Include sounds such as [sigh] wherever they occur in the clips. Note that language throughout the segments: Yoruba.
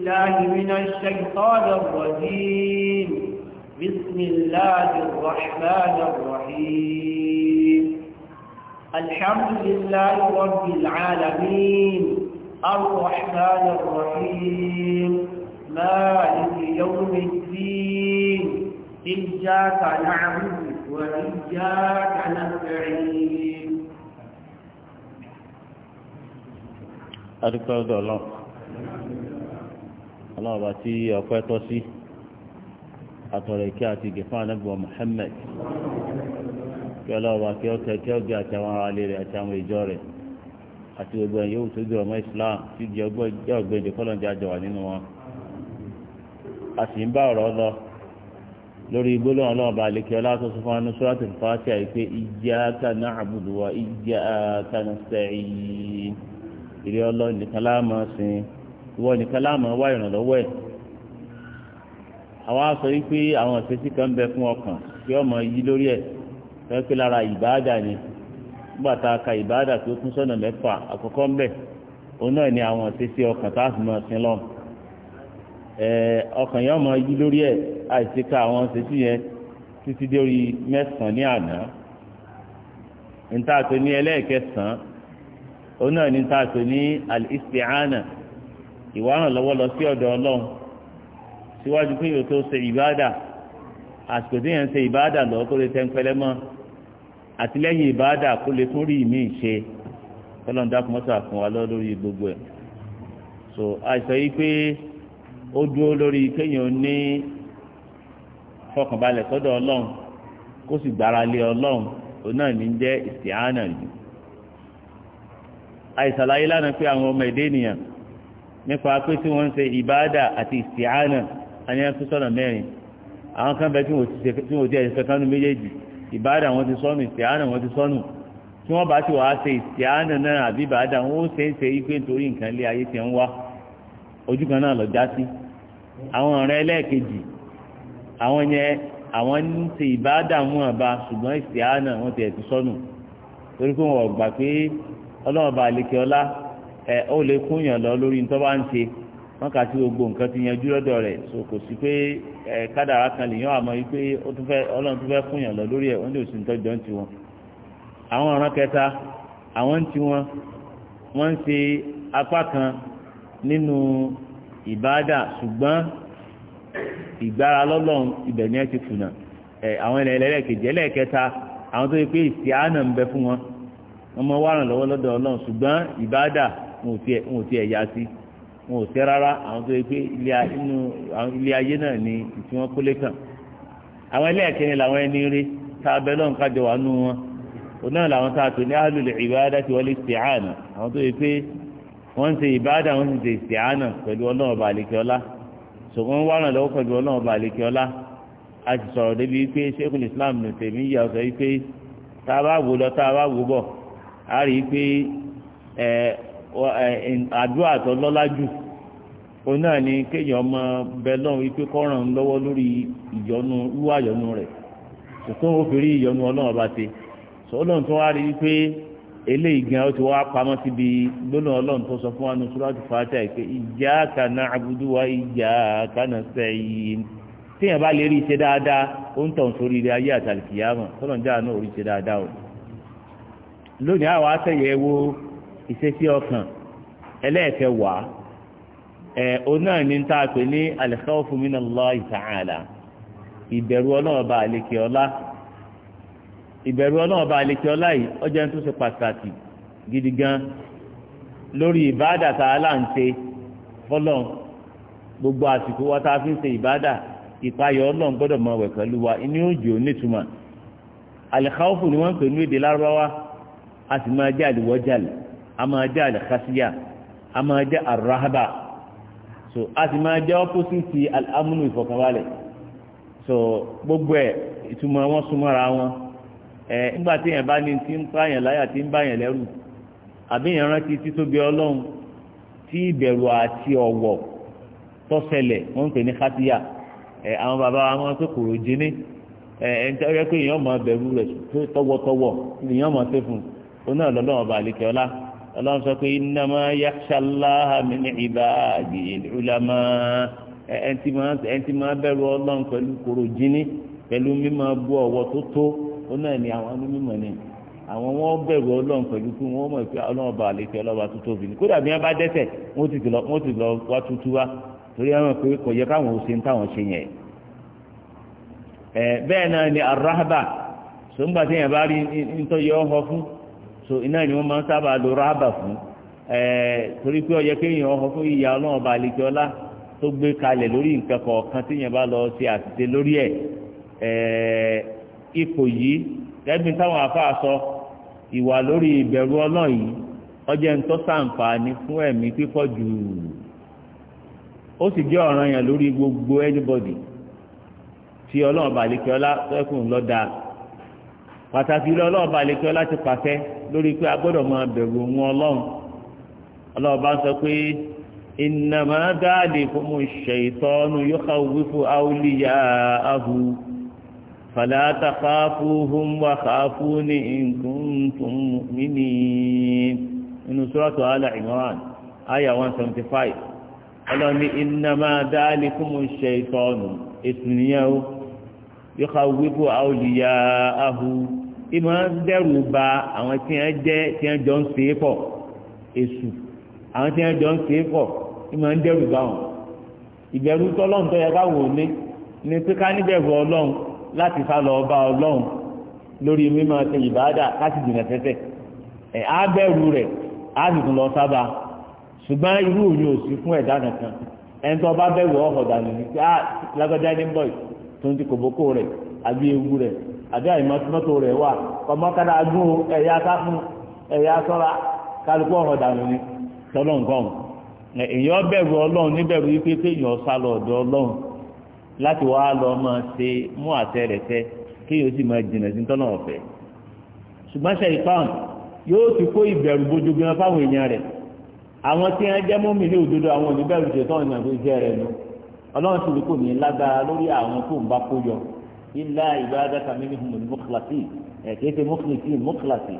الله من الشيطان الرجيم بسم الله الرحمن الرحيم الحمد لله رب العالمين الرحمن الرحيم مالك يوم الدين إياك نعبد وإياك نستعين أدكار الله ọlọ́run ọba tí ọpẹ́ tọ́ sí àtọ̀rẹ̀ kí àti gẹ̀fọ́n anábìwọ̀ muhammed kí ọlọ́run ọba kí ó tẹ kí ó gé àti àwọn alẹ́ rẹ̀ àti àwọn ìjọ rẹ̀ àti gbogbo ẹ̀yìn Islam tí jẹ́ ọgbẹ́jọ kọ́lọ́njẹ́ àjọ wà nínú wọn. a sì ń bá ọ̀rọ̀ lọ lórí ọla ọlọ́run bá lè kí ọlá fún anú yìí pé ìrẹ́ ìwọ nìkan láàmú wá ìrànlọ́wọ́ ẹ̀ àwa sọ wípé àwọn ìfẹsí kan ń bẹ fún ọkàn tí ọmọ yí lórí ẹ̀ fẹ́ pé lára ìbáàdà ni nígbà tá a ka ìbáàdà tó kún sọ́nà mẹ́fà àkọ́kọ́ ń bẹ òun náà ni àwọn ìfẹsí ọkàn tá a fi máa sin lọ ọkàn yẹn ọmọ yí lórí ẹ̀ àìsí ka àwọn ìfẹsí yẹn títí dé orí mẹ́sàn-án ní àná níta tó ní ẹlẹ́ẹ̀kẹsàn-án òun náà ní níta tó ní al ìwà lọ́wọ́ lọ sí ọ̀dọ̀ ọlọ́run síwájú pé yóò tó ṣe ìbáàdà àsìkò tí ṣe ìbáàdà lọ kó lè tẹ́ ń pẹlẹ́ mọ́ àtìlẹ́yìn ìbáàdà kó lè tún rí ìmí ṣe ọlọ́run gbogbo ẹ̀ so àìsàn yìí pé ó dúró lórí kéèyàn ní fọkànbalẹ̀ sọ́dọ̀ ọlọ́run kó sì gbára lé ọlọ́run òun náà ní jẹ́ yìí àìsàn láyé lánàá pé nípa pé tí wọ́n ń ṣe ìbáàdà àti ìsìáánà àyàn tó mẹ́rin àwọn kan bẹ tí wọ́n ti ẹ̀sìn kankan méjèèjì ìbáàdà wọn ti sọnù ìsìáánà wọn ti sọnù tí wọ́n bá ti wàá ṣe ìsìáánà náà àbí ìbáàdà wọn ó ṣe é ṣe yí nítorí nǹkan lé ayé ti ń wá ó lè kúnyàn lọ lórí ní tó ń ṣe wọn kà sí gbogbo ti yanjú lọ́dọ̀ rẹ̀ so kò sí pé kádàrá kan lè yàn àmọ́ yìí ọlọ́run tún fẹ́ kúnyàn lọ lórí ẹ̀ wọ́n lè wọn. àwọn ọ̀ràn kẹta àwọn wọn kan nínú ìbáàdà ṣùgbọ́n ìgbára lọ́lọ́run ibẹ̀ ni ẹ ti kùnà àwọn ẹlẹ́ẹ̀kejì ẹlẹ́ẹ̀kẹta àwọn tó yẹ pé ìsì àánà ń bẹ fún wọn wọ́n wọn ò tiẹ̀ yá sí wọn ò sẹ́ rárá àwọn tó yẹ pé ilé ayé náà ni ìtí wọn kólé kàn àwọn ẹlẹ́ẹ̀kẹ́ni làwọn ẹni rí tá a bẹ lọ́n kájọ wà nù wọn òun náà làwọn tá a tò ní ahlul ibadati wal isti'ana àwọn tó yẹ pé wọ́n ń ṣe ìbáàdà wọ́n ń ṣe isti'ana pẹ̀lú ọlọ́run ọba àlekẹ́ọ́lá ṣùgbọ́n wọ́n ràn lọ́wọ́ pẹ̀lú ọlọ́run ọba àlekẹ́ọ́lá a ti sọ̀rọ̀ débi wípé Sheikhul Islam ní tèmi yà sọ wípé tá a bá wò lọ tá a bá wò bọ̀ a rí i pé àdúrà tó lọ́lá jù òun náà ni kéèyàn ọmọ bẹlọ́n ipe kọ́ràn lọ́wọ́ lórí ìyọnu wíwá ìyọnu rẹ̀ tó ó fi rí ìyọnu ọlọ́run ọba ṣe sọlọ́run tó wá rí i pé eléyìí gan ó ti wá pamọ́ sọ fún wa ní pé wa téèyàn bá lè rí iṣẹ́ dáadáa ó ń tàn sórí ilé ayé àtàlìkìyàmọ̀ rí iṣẹ́ dáadáa o lónìí wo. ìṣesí ọkàn ẹlẹ́ẹ̀kẹ́ wà ẹ òun náà ní tá a pè ní al-khawfu min Allah ta'ala ìbẹ̀rù ọlọ́ọ̀ba àlekè ọlá ìbẹ̀rù ọlọ́ọ̀ba àlekè ọlá yìí ó jẹ́ tó ṣe pàtàkì gidi gan lórí ìbáàdà tá a là ń ṣe fọlọ́n gbogbo àsìkò wa tá a fi ń ṣe ìbáàdà ìpayọ̀ ọlọ́run gbọ́dọ̀ máa wẹ̀ pẹ̀lú wa inú òjò nítumọ̀ al-khawfu ni wọ́n ń pè ní èdè lárúbáwá a sì máa jẹ́ àdìwọ́jàlè a máa jẹ́ àlẹ́kásíyà a máa so a sì máa jẹ́ ọ́pọ́sìtì alámúnú so gbogbo ẹ̀ ìtumọ̀ wọn súnmọ́ra wọn ẹ̀ nígbà tí èèyàn bá ní ti ń pààyàn láyà ti ń bàyàn lẹ́rù àbí èèyàn rántí títóbi ọlọ́run tí ìbẹ̀rù àti ọ̀wọ̀ tó ṣẹlẹ̀ wọ́n ń pè ní kásíyà ẹ̀ àwọn bàbá wọn pé kòrò jẹ́ni ẹ̀ ẹ̀ ń tẹ́wọ́ pé èèyàn máa bẹ̀rù rẹ̀ tọwọ́tọwọ́ èèyàn máa ṣe fún un ó náà lọ́lọ́wọ́ bá àlekẹ́ ọlá ọlọ́run sọ pé innama yakhsha Allaha min ibadihil ulama ẹ̀ǹtí máa bẹ̀rù ọlọ́run pẹ̀lú kòrò jíní pẹ̀lú mímọ bú ọwọ́ tó tó ó náà ní àwọn onímọ̀ ni àwọn wọn bẹ̀rù ọlọ́run pẹ̀lú kí wọ́n mọ̀ pé ọlọ́run bá lè fi tó tóbi ni kódà bí wọ́n bá dẹ́ṣẹ̀ wọ́n ti lọ wá tútú wá torí àwọn pé kò yẹ káwọn ò ṣe ń táwọn ṣe yẹn bẹ́ẹ̀ náà ni arahaba so iná ni wọ́n máa ń sábà lo rábà fún torí pé ó kéèyàn ọkọ̀ fún ìyá ọlọ́run ọba àlejò ọlá tó gbé kalẹ̀ lórí nǹkan kọ̀ọ̀kan téèyàn bá lọ ṣe àtìṣe lórí ẹ̀ ipò yìí gẹ́gbin táwọn afáà sọ ìwà lórí ìbẹ̀rù ọlọ́run yìí ọjọ́ ń tọ́ sàǹfààní fún ẹ̀mí pípọ̀ jù ó sì jẹ́ lórí gbogbo anybody pàtàkì ilé ọlọ́ọ̀bá àlekẹ́ láti pàṣẹ lórí pé a gbọ́dọ̀ máa bẹ̀rù òun ọlọ́run ọlọ́ọ̀bá sọ pé ìnàmá dáàlì fún mu ṣèyítọ́nù yóò ká wí fún aolíyà ahu fàlàtà káfú hum wà káfú ní nkuntum mímí inú sọ́ọ̀tù alá Imran àyà one seventy five ọlọ́ọ̀ni ìnàmá dáàlì fún mu ṣèyítọ́nù ètùnìyàn yóò ká wí fún aolíyà ahu ìmọ̀ dẹ́rù ba àwọn tí wọ́n jẹ́ tí wọ́n jọ ń ṣe é pọ̀ èṣù àwọn tí wọ́n jọ ń ṣe é pọ̀ ìmọ̀ dẹ́rù ba wọn ìbẹ̀rù tọ́lọ́run tó yẹ káwọn ò ní ní pé ká níbẹ̀rù ọlọ́run láti sá lọ bá ọlọ́run lórí mímọ̀ ṣe ìbáàdà láti jìnà tẹ́tẹ́ ẹ̀ á bẹ̀rù rẹ̀ á sì tún lọ sábà ṣùgbọ́n irú òun ò sí fún ẹ̀dá kankan ẹni tó bá bẹ̀rù ọ̀họ̀dà nìyí pé á ah, lágbájá ní bọ̀ tó ń ti kòbókò àbí àyìnbó mọ́tò rẹ̀ wà ọmọkadà gún ẹ̀yà sáfún ẹ̀yà sọ́ra kálukú ọ̀họ̀ dànù ni tọ́lọ́ bẹ̀rù ọlọ́run níbẹ̀rù wípé kéèyàn sá ọ̀dọ̀ ọlọ́run láti wá lọ mọ ṣe mú àtẹ kéèyàn sì jìnà sí ọ̀fẹ́ ṣùgbọ́n ṣe ìpáhùn yóò ti kó ìbẹ̀rù bójú gan fáwọn èèyàn rẹ̀ àwọn tí jẹ́ ní òdodo àwọn oníbẹ̀rù rẹ̀ إلا ìbádaka منهم المخلصين ẹ̀ kìí ṣe mọ́kìlásì mọ́kìlásì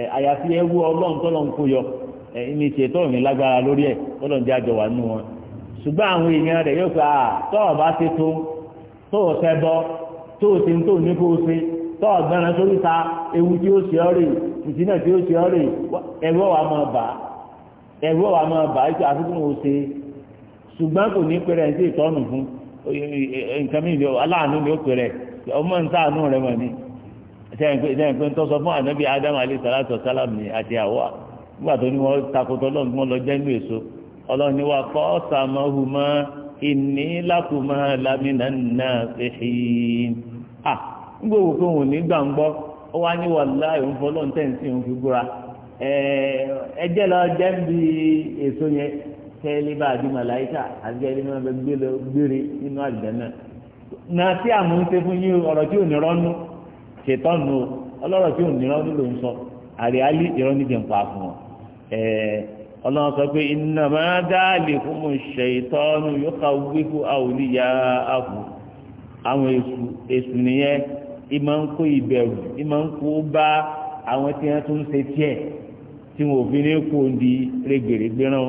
ẹ̀ àyàfi ẹwú ọlọ́run tọ́lọ́ ń kó yọ ẹ̀ ní ṣètò ìrìn lágbára lórí ẹ̀ tọ́lọ́run jẹ́ àjọwà nù wọn. ṣùgbọ́n àwọn èèyàn rẹ̀ yóò fẹ́ à tọ́ọ̀ bá ṣe tó tóò fẹ́ bọ́ tóò ṣe ń tó ní kó o ṣe tọ́ọ̀ gbẹ́ran sórí ta ewu tí ó ṣe ọ́ rè ìtìnà tí ó ṣe ọ́ rè ẹ̀rọ wa máa bà ẹ̀rọ wa máa bà ètò ṣe ṣùgbọ́n kò ní ọmọ nsáànù rẹ mọ̀ ni sẹ́yìn pé ń fún Adam alayhi salatu wasalam ni àti àwa nígbà tó ní wọ́n takòtò ọlọ́run wọn lọ èso ni wà kọ́ ìní lákùmọ́ lámìnà náà fi hìn. à ń gbòòwò ní ó wá ní fọlọ́ fi gbúra ẹjẹ́ lọ jẹ́ bí èso náà tí àmú ń ṣe fún yín ọ̀rọ̀ tí ò ní rọ́nú ṣètọ́nù ọlọ́rọ̀ tí ò ní rọ́nú ló ń sọ àríálí ìrọ́nú jẹ̀ ń pa fún ọ. ọlọ́run sọ pé iná máa dáàlì fún mu ṣe ìtọ́nù yóò ká wíwú àwòlíyà ààbò àwọn èṣù èṣù nìyẹn ìmọ̀ ń kó ìbẹ̀rù ìmọ̀ ń kó bá àwọn tí wọ́n tún ń ṣe tiẹ̀ tí wọn fi ní kó di rẹ̀gbẹ̀rẹ̀gbẹ̀ rán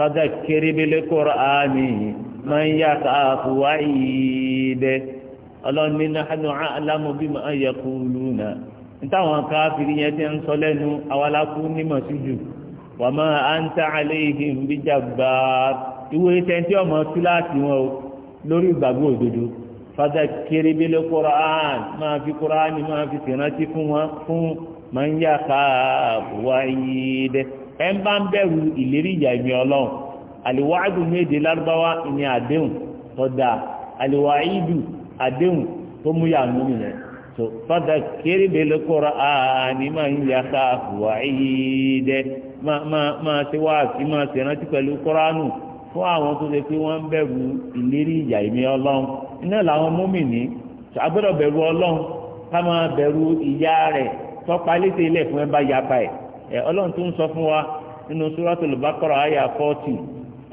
fagakiri bele kur'ani máa ń yàtọ̀ àfùwá ìdẹ ọlọ́run ní nàánú alámú bí máa yẹ kú lùnà nítawọn káfíìrì yẹn ti ń sọ lẹ́nu awalákú nímọ̀ sí jù wà máa à ń tà àléhìn bí jàgbá ìwé tẹ́ntí ọmọ kíláàsì wọn o lórí ìgbàgbọ́ òdodo fagakiri bele kur'ani máa fi kur'ani máa fi tìrántí fún wọn fún máa ń yàtọ̀ àfùwá ẹ ń bá ń bẹ̀rù ìlérí ìyà ìmì ọlọ́run àlìwáàdù ní èdè lárúbáwá ní àdéhùn tó dáa àlìwáàdù àdéhùn tó mú yà nù nìyẹn tó fàdà kéré bèlè kóra àní máa ń yà ká àfùwà ìdẹ máa ti wá àti máa ti rántí pẹ̀lú kóránù fún àwọn tó ṣe pé wọ́n ń bẹ̀rù ìlérí ìyà ìmì ọlọ́run iná làwọn mùmínì agbọ́dọ̀ bẹ̀rù ọlọ́run ká máa bẹ̀rù ìyà rẹ̀ tọ́pa létè ọlọ́run tó ń sọ fún wa nínú suratul Baqara àyà fọ́ọ̀tì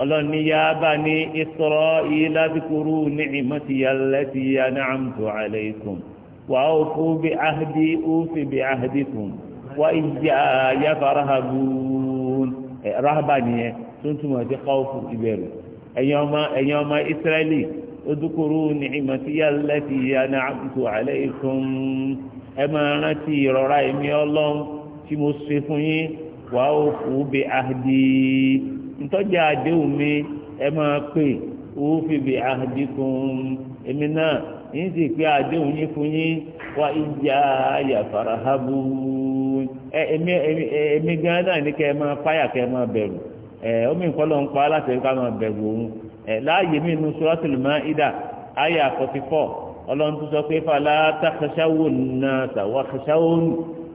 ọlọ́run ní yá bá ní Isra'ila dhkuru ni'matiya allati an'amtu alaykum wa awfu bi ahdi ufi bi ahdikum wa iyyaya farhabun ráhàbà nìyẹn tó ń túmọ̀ sí káwọ́fù ìbẹ̀rù ẹ̀yin ọmọ Israẹli udhkuru ni'matiya allati an'amtu alaykum ẹ máa rántí ìrọ̀rá ẹ̀mí ọlọ́run tí mo ṣe fún yín wà ó kú bí ahdi ntọ́jà àdéhùn mi ẹ máa pè ó fi bí ahdi kún èmi náà yín sì pé àdéhùn yín fún yín wà ìjà yàtọ̀rọ̀ hábù ẹ èmi èmi gan náà ní kẹ́ ẹ máa fáyà kẹ́ ẹ máa bẹ̀rù ẹ omi nǹkan ló ń pa láti ẹ̀ka máa bẹ̀rù òun ẹ láàyè mi nu suratul maida àyà forty four ọlọ́run tó sọ pé fàlà tàkàṣáwò náà tàwọn àkàṣáwò nù.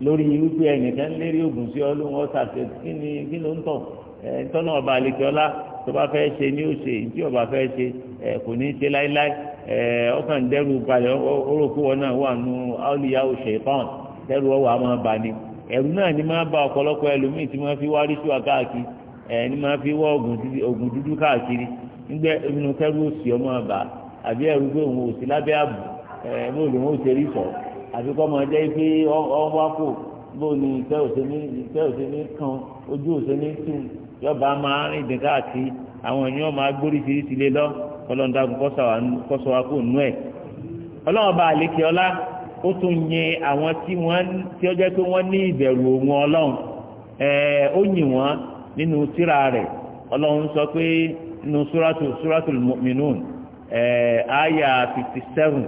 lórí wípé ẹnìkan lérí oògùn sí ọlọ́run ọ̀sà kí ni kí ló ń tọ̀ ẹ̀ tọ́nà tó bá ṣe ni ó ṣe tí ọba fẹ́ ṣe ẹ̀ kò ní ṣe láíláí ọkàn dẹ́rù balẹ̀ orókùwọ́ náà wà nù áwòlíyá òṣè pọ́n dẹ́rù ọwọ́ àmọ́ bá ní ẹ̀rù náà ni máa bá ọ̀pọ̀lọpọ̀ ẹlòmíì tí wọ́n fi wá rí ṣùwà káàkiri ni máa fi wọ́ ogun dúdú káàkiri òsì ọmọ àbí gbé òun òsì lábẹ́ àbí kọ́ máa jẹ́ pé ọwọ́ kò bó ni ìtẹ́ òsèlú ìtẹ́ òsèlú kan ojú òsèlú tún yọba máa rìn dín káàkiri àwọn èèyàn máa gbórí fìrísì lé lọ ọlọ́run dákun kọ́sọ̀ wa kò nú ẹ̀ ọlọ́run bá àlékè ọlá ó tún yin àwọn tí wọ́n tí ó jẹ́ pé wọ́n ní ìbẹ̀rù òun ọlọ́run ẹ̀ẹ́ ó yìn wọ́n nínú tírà rẹ̀ ọlọ́run sọ pé nínú súrátù súrátù mọ̀mìnún ẹ̀ẹ́ àyà fifty seven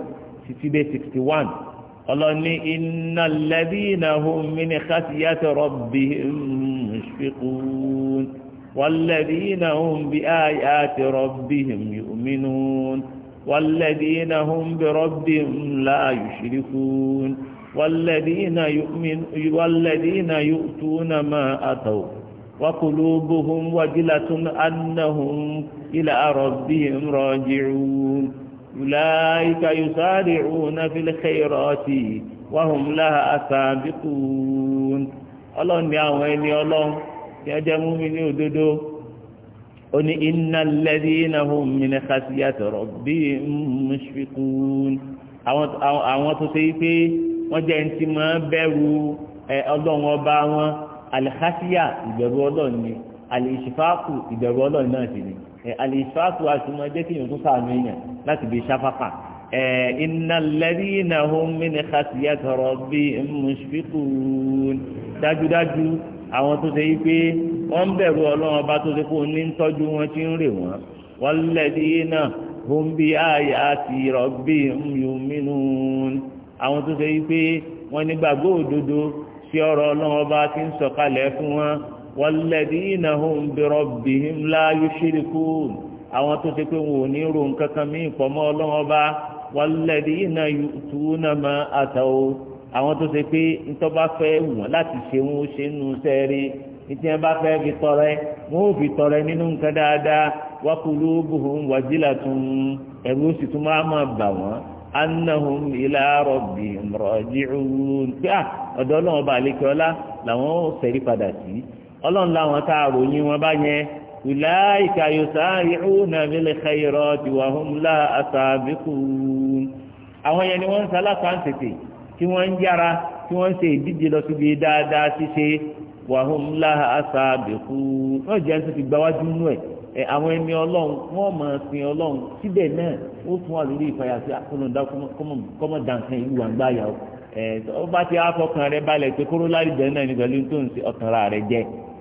títí dé sixty one ọlọ́ni iná lẹ́bí iná hùn mí ní kásìyàtọ̀ rọ́bì mùsùlùmí wàlẹ́bí iná hùn bí ayàtọ̀ rọ́bì mùmínú wàlẹ́bí iná hùn bí rọ́bì láàyò ṣìríkú wàlẹ́bí وقلوبهم وجلة أنهم إلى ربهم راجعون ulaika يسارعون في الخيرات وهم لها laha sabiqun ọlọ́run ni àwọn ẹni ọlọ́run tí a jẹ́ múmi ní òdodo ó ní innal ladhina hum min khasiyati rabbihim mushfiqun àwọn tó ṣe pé wọ́n jẹ́ ẹni tí máa bẹ̀rù ọlọ́run ọba wọn alìkásíyà ìbẹ̀rù ọlọ́run ni alìṣìfáàkù ìbẹ̀rù ọlọ́run náà sì ni àlìfáàtù àtúmọ̀ jẹ́ kí yòókù sàánú èèyàn láti bí sáfàkà iná lẹ́rí iná homi ní kàtìyà tọrọ bí mùsùlùmí dájúdájú àwọn tó ṣe yí pé wọ́n ń bẹ̀rù ọlọ́run ọba tó ṣe kó ní ń tọ́jú wọn tí ń rè wọ́n wọ́n lẹ́rí iná homi bí ààyè àti rọ̀bì mùmínú àwọn tó ṣe yí pé wọ́n nígbàgbọ́ òdodo sí ọ̀rọ̀ ọlọ́run ọba tí ń sọ̀kalẹ̀ fún wọn walladina hum bi rabbihim la yushrikun àwọn tó ṣe pé wọn ò ní ro nǹkan kan mí ìpamọ́ ọlọ́wọ́n bá walladina yu'tuna ma ataw àwọn tó ṣe pé ntọ́ bá fẹ́ wọ̀n láti ṣe wọn ó ṣe nù sẹ́ẹ̀rì ìtì ẹ bá fẹ́ fi tọrẹ wọn ò fi tọrẹ nínú nǹkan dáadáa wa qulubuhum wajilatun ẹ̀rù ó sì tún máa máa bà wọ́n annahum ila rabbihim raji'un ọ̀dọ́ náà ọba àlekè làwọn ó ṣẹ́rí padà sí ọlọ́run láwọn tá a wọn bá yẹn ulaika yusari'una bil khayrati wa hum la asabiqun àwọn yẹn ni wọ́n ń sálápá ń tètè tí wọ́n ń yára tí wọ́n ń ṣe ìdíje lọ síbi dáadáa ṣíṣe wọ́n jẹ́ ẹ̀ àwọn ẹni ọlọ́run wọ́n mọ̀ sin ọlọ́run síbẹ̀ náà ó fún wa lórí ìfàyà sí ìlú àgbáyà ọba ti kan rẹ balẹ̀ pé kóró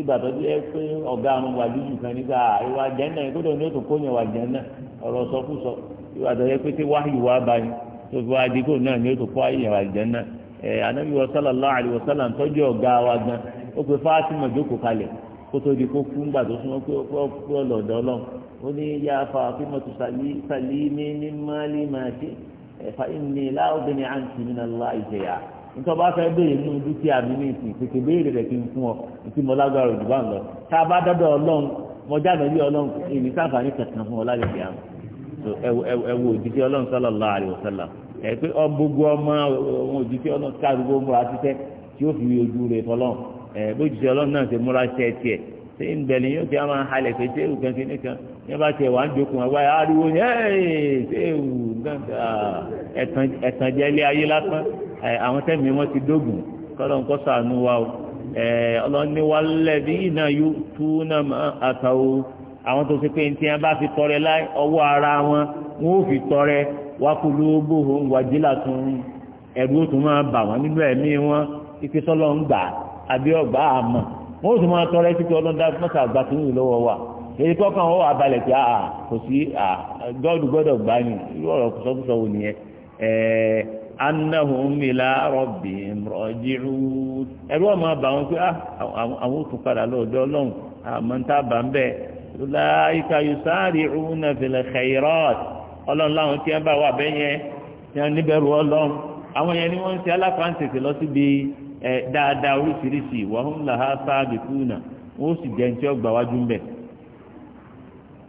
ìgbà tó jẹ́ pé ọ̀gá àwọn wàlúù kan nígbà ìwà jẹ́nà ìgbódò ní òtún kó yẹn wà jẹ́nà ọ̀rọ̀ sọkúsọ ìwà tó jẹ́ pé tí wáyé wá báyìí tó fi wá adigbò náà ní òtún wà jẹ́nà ẹ̀ anábì wa sallallahu alaihi tọ́jú ọ̀gá wa gan ó pe jókòó kalẹ̀ kó tó di kó tó súnmọ́ pé ó pé ọlọ́dọ̀ nítorí bá fẹ́ béèrè nínú dúkìá mi ní ìsìn tètè béèrè rẹ̀ kí n fún ọ ìtì mo lágbára òjò bá ń lọ tá a bá dọ́dọ̀ ọlọ́run mo jáde bí ọlọ́run èmi sáfàní kankan fún ọ láyé ìyá ẹ wo òjijì ọlọ́run sallallahu alaihi wasallam ẹ pé ọ gbogbo ọmọ ọmọ òjijì ọlọ́run kárùgbó múra títẹ tí ó fi ojú rẹ fọlọ́run ẹ bójijì ọlọ́run náà yẹn bá tiẹ̀ wà ń jókòó wọn wáyà ariwo ni ẹ̀ẹ́dẹ́wù ẹ̀tànjẹ́ ilé ayé lásán àwọn tẹ́mi wọn ti dógùn kọ́lọ́ nǹkan sànú wa o ọlọ́ni wa lẹ́bí iná yóò tú náà máa àtàwọ̀ àwọn tó ṣe pé ní tí wọn bá fi tọrẹ láì ọwọ́ ara wọn wọn ò fi tọrẹ wákùlù gbòho wàjílà tún ẹ̀rù ó tún máa bà wọ́n nínú ẹ̀mí wọn ike sọ́lọ́ ń gbà àbí ọgbà àmọ́ wọn ó tún máa tọrẹ títí ọlọ́dá mọ́tà àgbà tó ń lọ́wọ́ wa èyí kọ́kàn ó wà balẹ̀ pé àà ah, ah, kò sí àà ah, gọ́ọ̀dù gbọ́dọ̀ gbá ni irú ọ̀rọ̀ kùsọ́kùsọ wò nìyẹn ẹ̀ẹ́ annahum ila rabbihim raji'un ẹ̀rú ọmọ bá wọn pé àwọn òtún padà lọ́dọ̀ ọlọ́run àmọ́ tá bá ń bẹ̀ láìka yusari'una fil khairat ọlọ́run láwọn tí wọ́n bá wà bẹ́ẹ̀ yẹn tí wọ́n níbẹ̀rù ọlọ́run àwọn yẹn ni wọ́n ń ṣe aláfáàǹtẹ̀tẹ̀ lọ síbi dáadáa oríṣiríṣi wa hum laha wọ́n sì jẹ́ ní tí wọ́n gbà wájú ń bẹ̀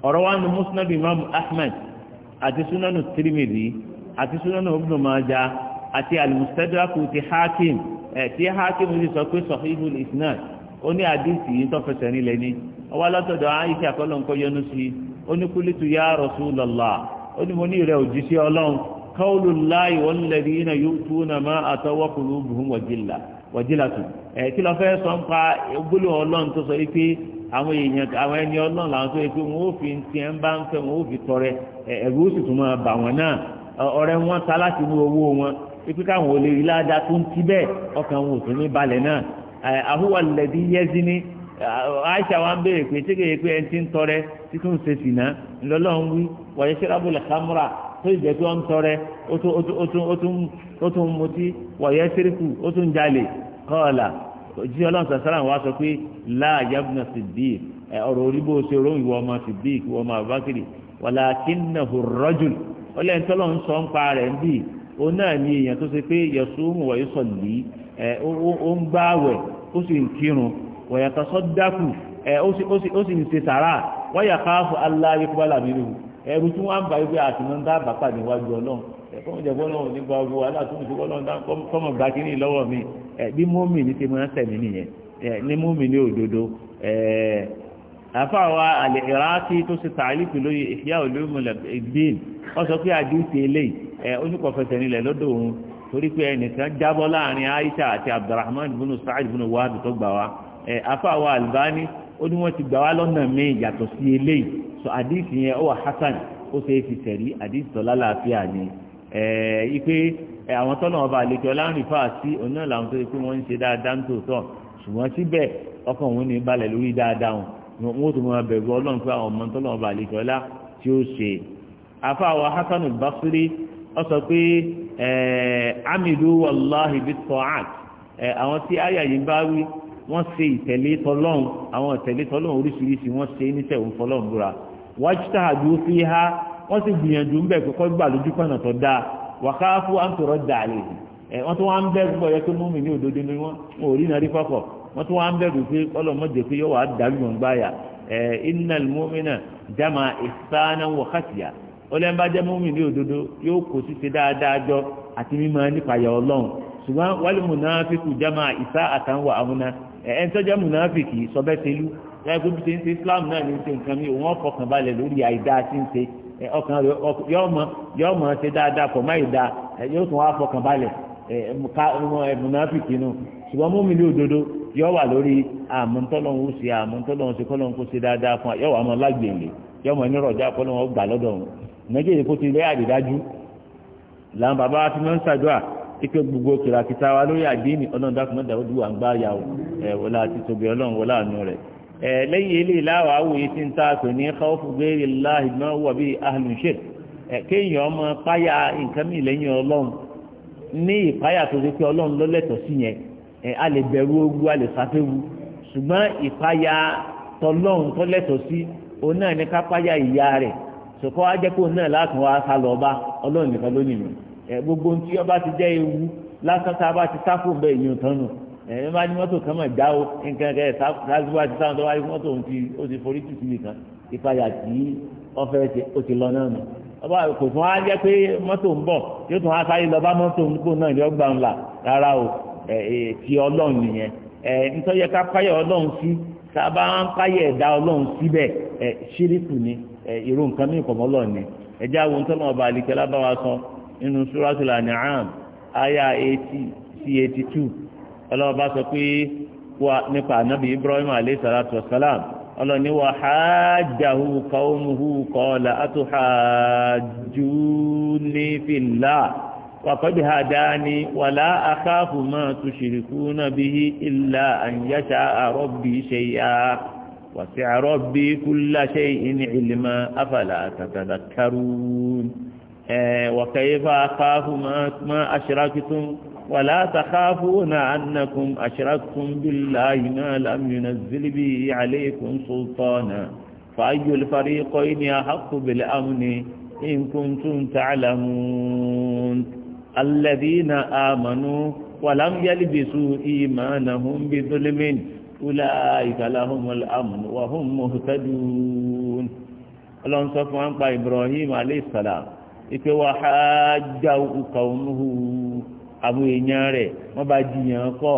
ọ̀rọ̀ wa nu musnad imam ahmed àti sunanu tirimidi àti sunanu ibnu maja àti alimusadraku ti hakim ẹ̀ tí hakim ti sọ pé sahihul isnad ó ní àdìsí yìí tó fẹsẹ̀ nílẹ̀ ni ọwọ́ látọ̀dọ̀ àyíṣẹ́ àkọlọ́ nǹkan yọnu sí i ó ní kulitu ya rasulallah ó ní mo ní ìrẹ́ òjíṣẹ́ ọlọ́run kọ́ọ̀lù láì wọ́n lẹ́bi iná yóò tú náà má àtọwọ́ kùlù bùhùn wàjìlá wàjìlá tù ẹ̀ kí lọ fẹ́ sọ pa gbólóhùn ọlọ́run tó sọ yìí pé àwọn èèyàn àwọn ẹni ọlọ́run làwọn tó yẹ pé wọn ò fi ti ẹ̀ ń bá ń fẹ́ wọn ò fi tọrẹ ẹ̀rú ó sì tún máa bà wọn náà ọrẹ wọn ta láti mú owó wọn pípé káwọn ò lè rí ládàá tó ń ti bẹ́ẹ̀ ọkàn wọn ò tún ní balẹ̀ náà àhúwà lẹ̀dí yẹ́sí ní Aisha wa ń béèrè pé tí kò yẹ pé ẹni tí ń tọrẹ tí tó ń ṣe sì ná ńlọlọ́run wí wàyẹ sẹ́rábùlẹ̀ kámúrà tó ìjẹ́ pé wọ́n tọrẹ ó tún mutí wàyẹ sẹ́ríkù ó tún jalè kọ́ọ̀là òjíṣẹ́ ọlọ́run sàṣàrà wa sọ pé láàyè abúlé Siddiq ọ̀rọ̀ orí bó ṣe ró ìwọ ọmọ Siddiq ìwọ ọmọ Abubakar walakinahu ar-rajul ọlẹ́ntọ́lọ́ ń sọ ń pa rẹ̀ ń bì ó náà ní èèyàn tó ṣe pé yasumu wa yusalli ó ń gbààwẹ̀ ó sì ń kírun wa yatasaddaqu ó sì ń ṣe sàrà wa yakhafu alla yuqbala minhu ẹrù tí wọn bá ibi àti mọ dábà pàdé wájú Ọlọ́run ẹkọ oúnjẹ bọlọ òní gba owó aláàtúntò bọlọ kọmọ gba kínní lọ́wọ́ mi ẹ bí mọmì ní ti máa ń tẹmí nìyẹn ẹ ní mọmì ní òdodo ẹ àfàwà àlè ìrántí tó ṣe tààlìkì lóye ìyá olómọlẹ ìdín wọn sọ pé àdúgbò eléyìí ẹ oníkọfẹsẹ nílẹ̀ lọ́dọ̀ òun torí pé ẹnìkan jábọ́ láàrin Aisha àti Abdurrahman bin Sa'id bin Wahab tó gbà wá ẹ àfàwà Albani ó ní wọn ti gbà wá lọ́nà míì yàtọ̀ sí eléyìí so àdìsí yẹn ó wà hasan ó ṣe é fi tẹ̀rí àdìsí tọ́lá làáfíà ni ipe àwọn tọ́nà ọba àlejò ọlọ́run fà sí òun náà làwọn tó yẹ pé wọ́n ń ṣe dáadáa ń tòótọ́ ṣùgbọ́n síbẹ̀ ọkàn òun ní balẹ̀ lórí dáadáa wọn wọ́n tó máa bẹ̀rù ọlọ́run pé àwọn ọmọ tọ́nà ọba àlejò ọlá tí ó ṣe afáwọ hasan al-basri ó sọ pé amidu wallahi bi ta'at àwọn tí àyà yìí bá wí wọ́n ṣe ìtẹ̀lé tọ́lọ́run àwọn ìtẹ̀lé tọ́lọ́run oríṣiríṣi wọ́n ṣe nítẹ̀wọ́n fọlọ́run búra wajtahadu fiha wọ́n sì gbìyànjú ń bẹ̀ pé kọ́ gbà lójú pọ̀nà tó dáa wa khafu an turadda alayhi ẹ̀ wọ́n tún wá ń bẹ̀rù pọ̀ yẹ pé mọ́mì ní òdodo ni wọ́n wọn ò rí nàrí fọ́kọ̀ wọ́n tún wá ń bẹ̀rù pé ọlọ́mọdé pé yọ wà á dàrú wọn gbáyà ẹ̀ innal mu'mina jama ihsanan wa khasya ọlẹ́nba jẹ́ mọ́mì ní òdodo yóò kó síse dáadáa jọ àti mímọ nípayà ọlọ́run ṣùgbọ́n wal munafiqu jama isa'atan wa amuna ẹ̀ ẹ̀ ń tọ́jà múnáfíkì sọ́bẹ́sẹ̀lú láì pé bíi islam náà ní ṣe nǹkan mi òun ọkàn balẹ̀ lórí àìdá tí ń ṣe ọkàn rẹ yọmọ yọmọ ṣe dáadáa pọ̀ máa ìdá yóò tún wá fọkàn balẹ̀ mùnàfíkì nù ṣùgbọ́n mú mi ní òdodo yọ wà lórí àmúntọ́lọ́hún ṣe àmúntọ́lọ́hún ṣe kọ́lọ́hún kó ṣe dáadáa fún yọ wà mọ́ lágbèlè yọ mọ́ ní rọ̀jà kọ́lọ́hún gbà lọ́dọ̀ wọn nàìjíríà kó ti lé àdìdájú làwọn bàbá wa fi máa ń ṣàdúrà ike gbogbo kìlàkìtà wa lórí àdínì ọlọ́run dákúmọ́dà ó dùn ń gbá yà ó ẹ̀ wọlé àti tòbí ọlọ́run wọlé àánú rẹ̀ lẹ́yìn ilé ìláwàá wòye tí ń ta àtò ní káwọ́fù gbére láàyè náà wà bíi ahlùṣèk kéèyàn ọmọ páyà nǹkan mìíràn lẹ́yìn ọlọ́run ní ìpáyà tó ṣe pé ọlọ́run ló lẹ́tọ̀ọ́ sí yẹn a lè bẹ̀rù ogu a lè sáfẹ́wu ṣùgbọ́n ìpáyà tọlọ́run tó lẹ́tọ̀ọ́ sí òun náà ní ká páyà ìyá rẹ̀ ṣùkọ́ ajẹ́pọ̀ náà látún wá sá lọ bá ọlọ́run nìkan lónìí gbogbo ohun tí ọba ti jẹ́ ewu lásán ẹ̀yin bá ní mọ́tò kan mọ̀ já nǹkan kẹ́ ti sáwọn tó wáyé mọ́tò ń ti ó ti forí tùtù nìkan ìpayà tí ṣe ti lọ náà nù. ọba kò tún á jẹ́ pé mọ́tò ń bọ̀ yóò tún á sáré lọ bá mọ́tò ń náà yọ gbà ti ọlọ́run nìyẹn nítorí ká ọlọ́run sí ń ẹ̀dá ọlọ́run ṣíríkù ni nǹkan mí ọlọ́wọ́ bá sọ pé nípa ànábì ibrahim alayhi salatu wa salam ọlọ́ni wa hajjahu qawmuhu qala atuhajjuni fillah wa qad hadani wa la akhafu ma tushrikuna bihi illa an yasha'a rabbi shay'a wasi'a rabbi kulla shay'in ilma afala tatadhakkarun wa kayfa akhafu ma ولا تخافون أنكم أشركتم بالله ما لم ينزل به عليكم سلطانا فأي الفريقين أحق بالأمن إن كنتم تعلمون الذين آمنوا ولم يلبسوا إيمانهم بظلم أولئك لهم الأمن وهم مهتدون الله سبحانه وتعالى إبراهيم عليه السلام إتوحاجوا قومه àwọn èèyàn rẹ̀ wọ́n bá jiyàn kọ́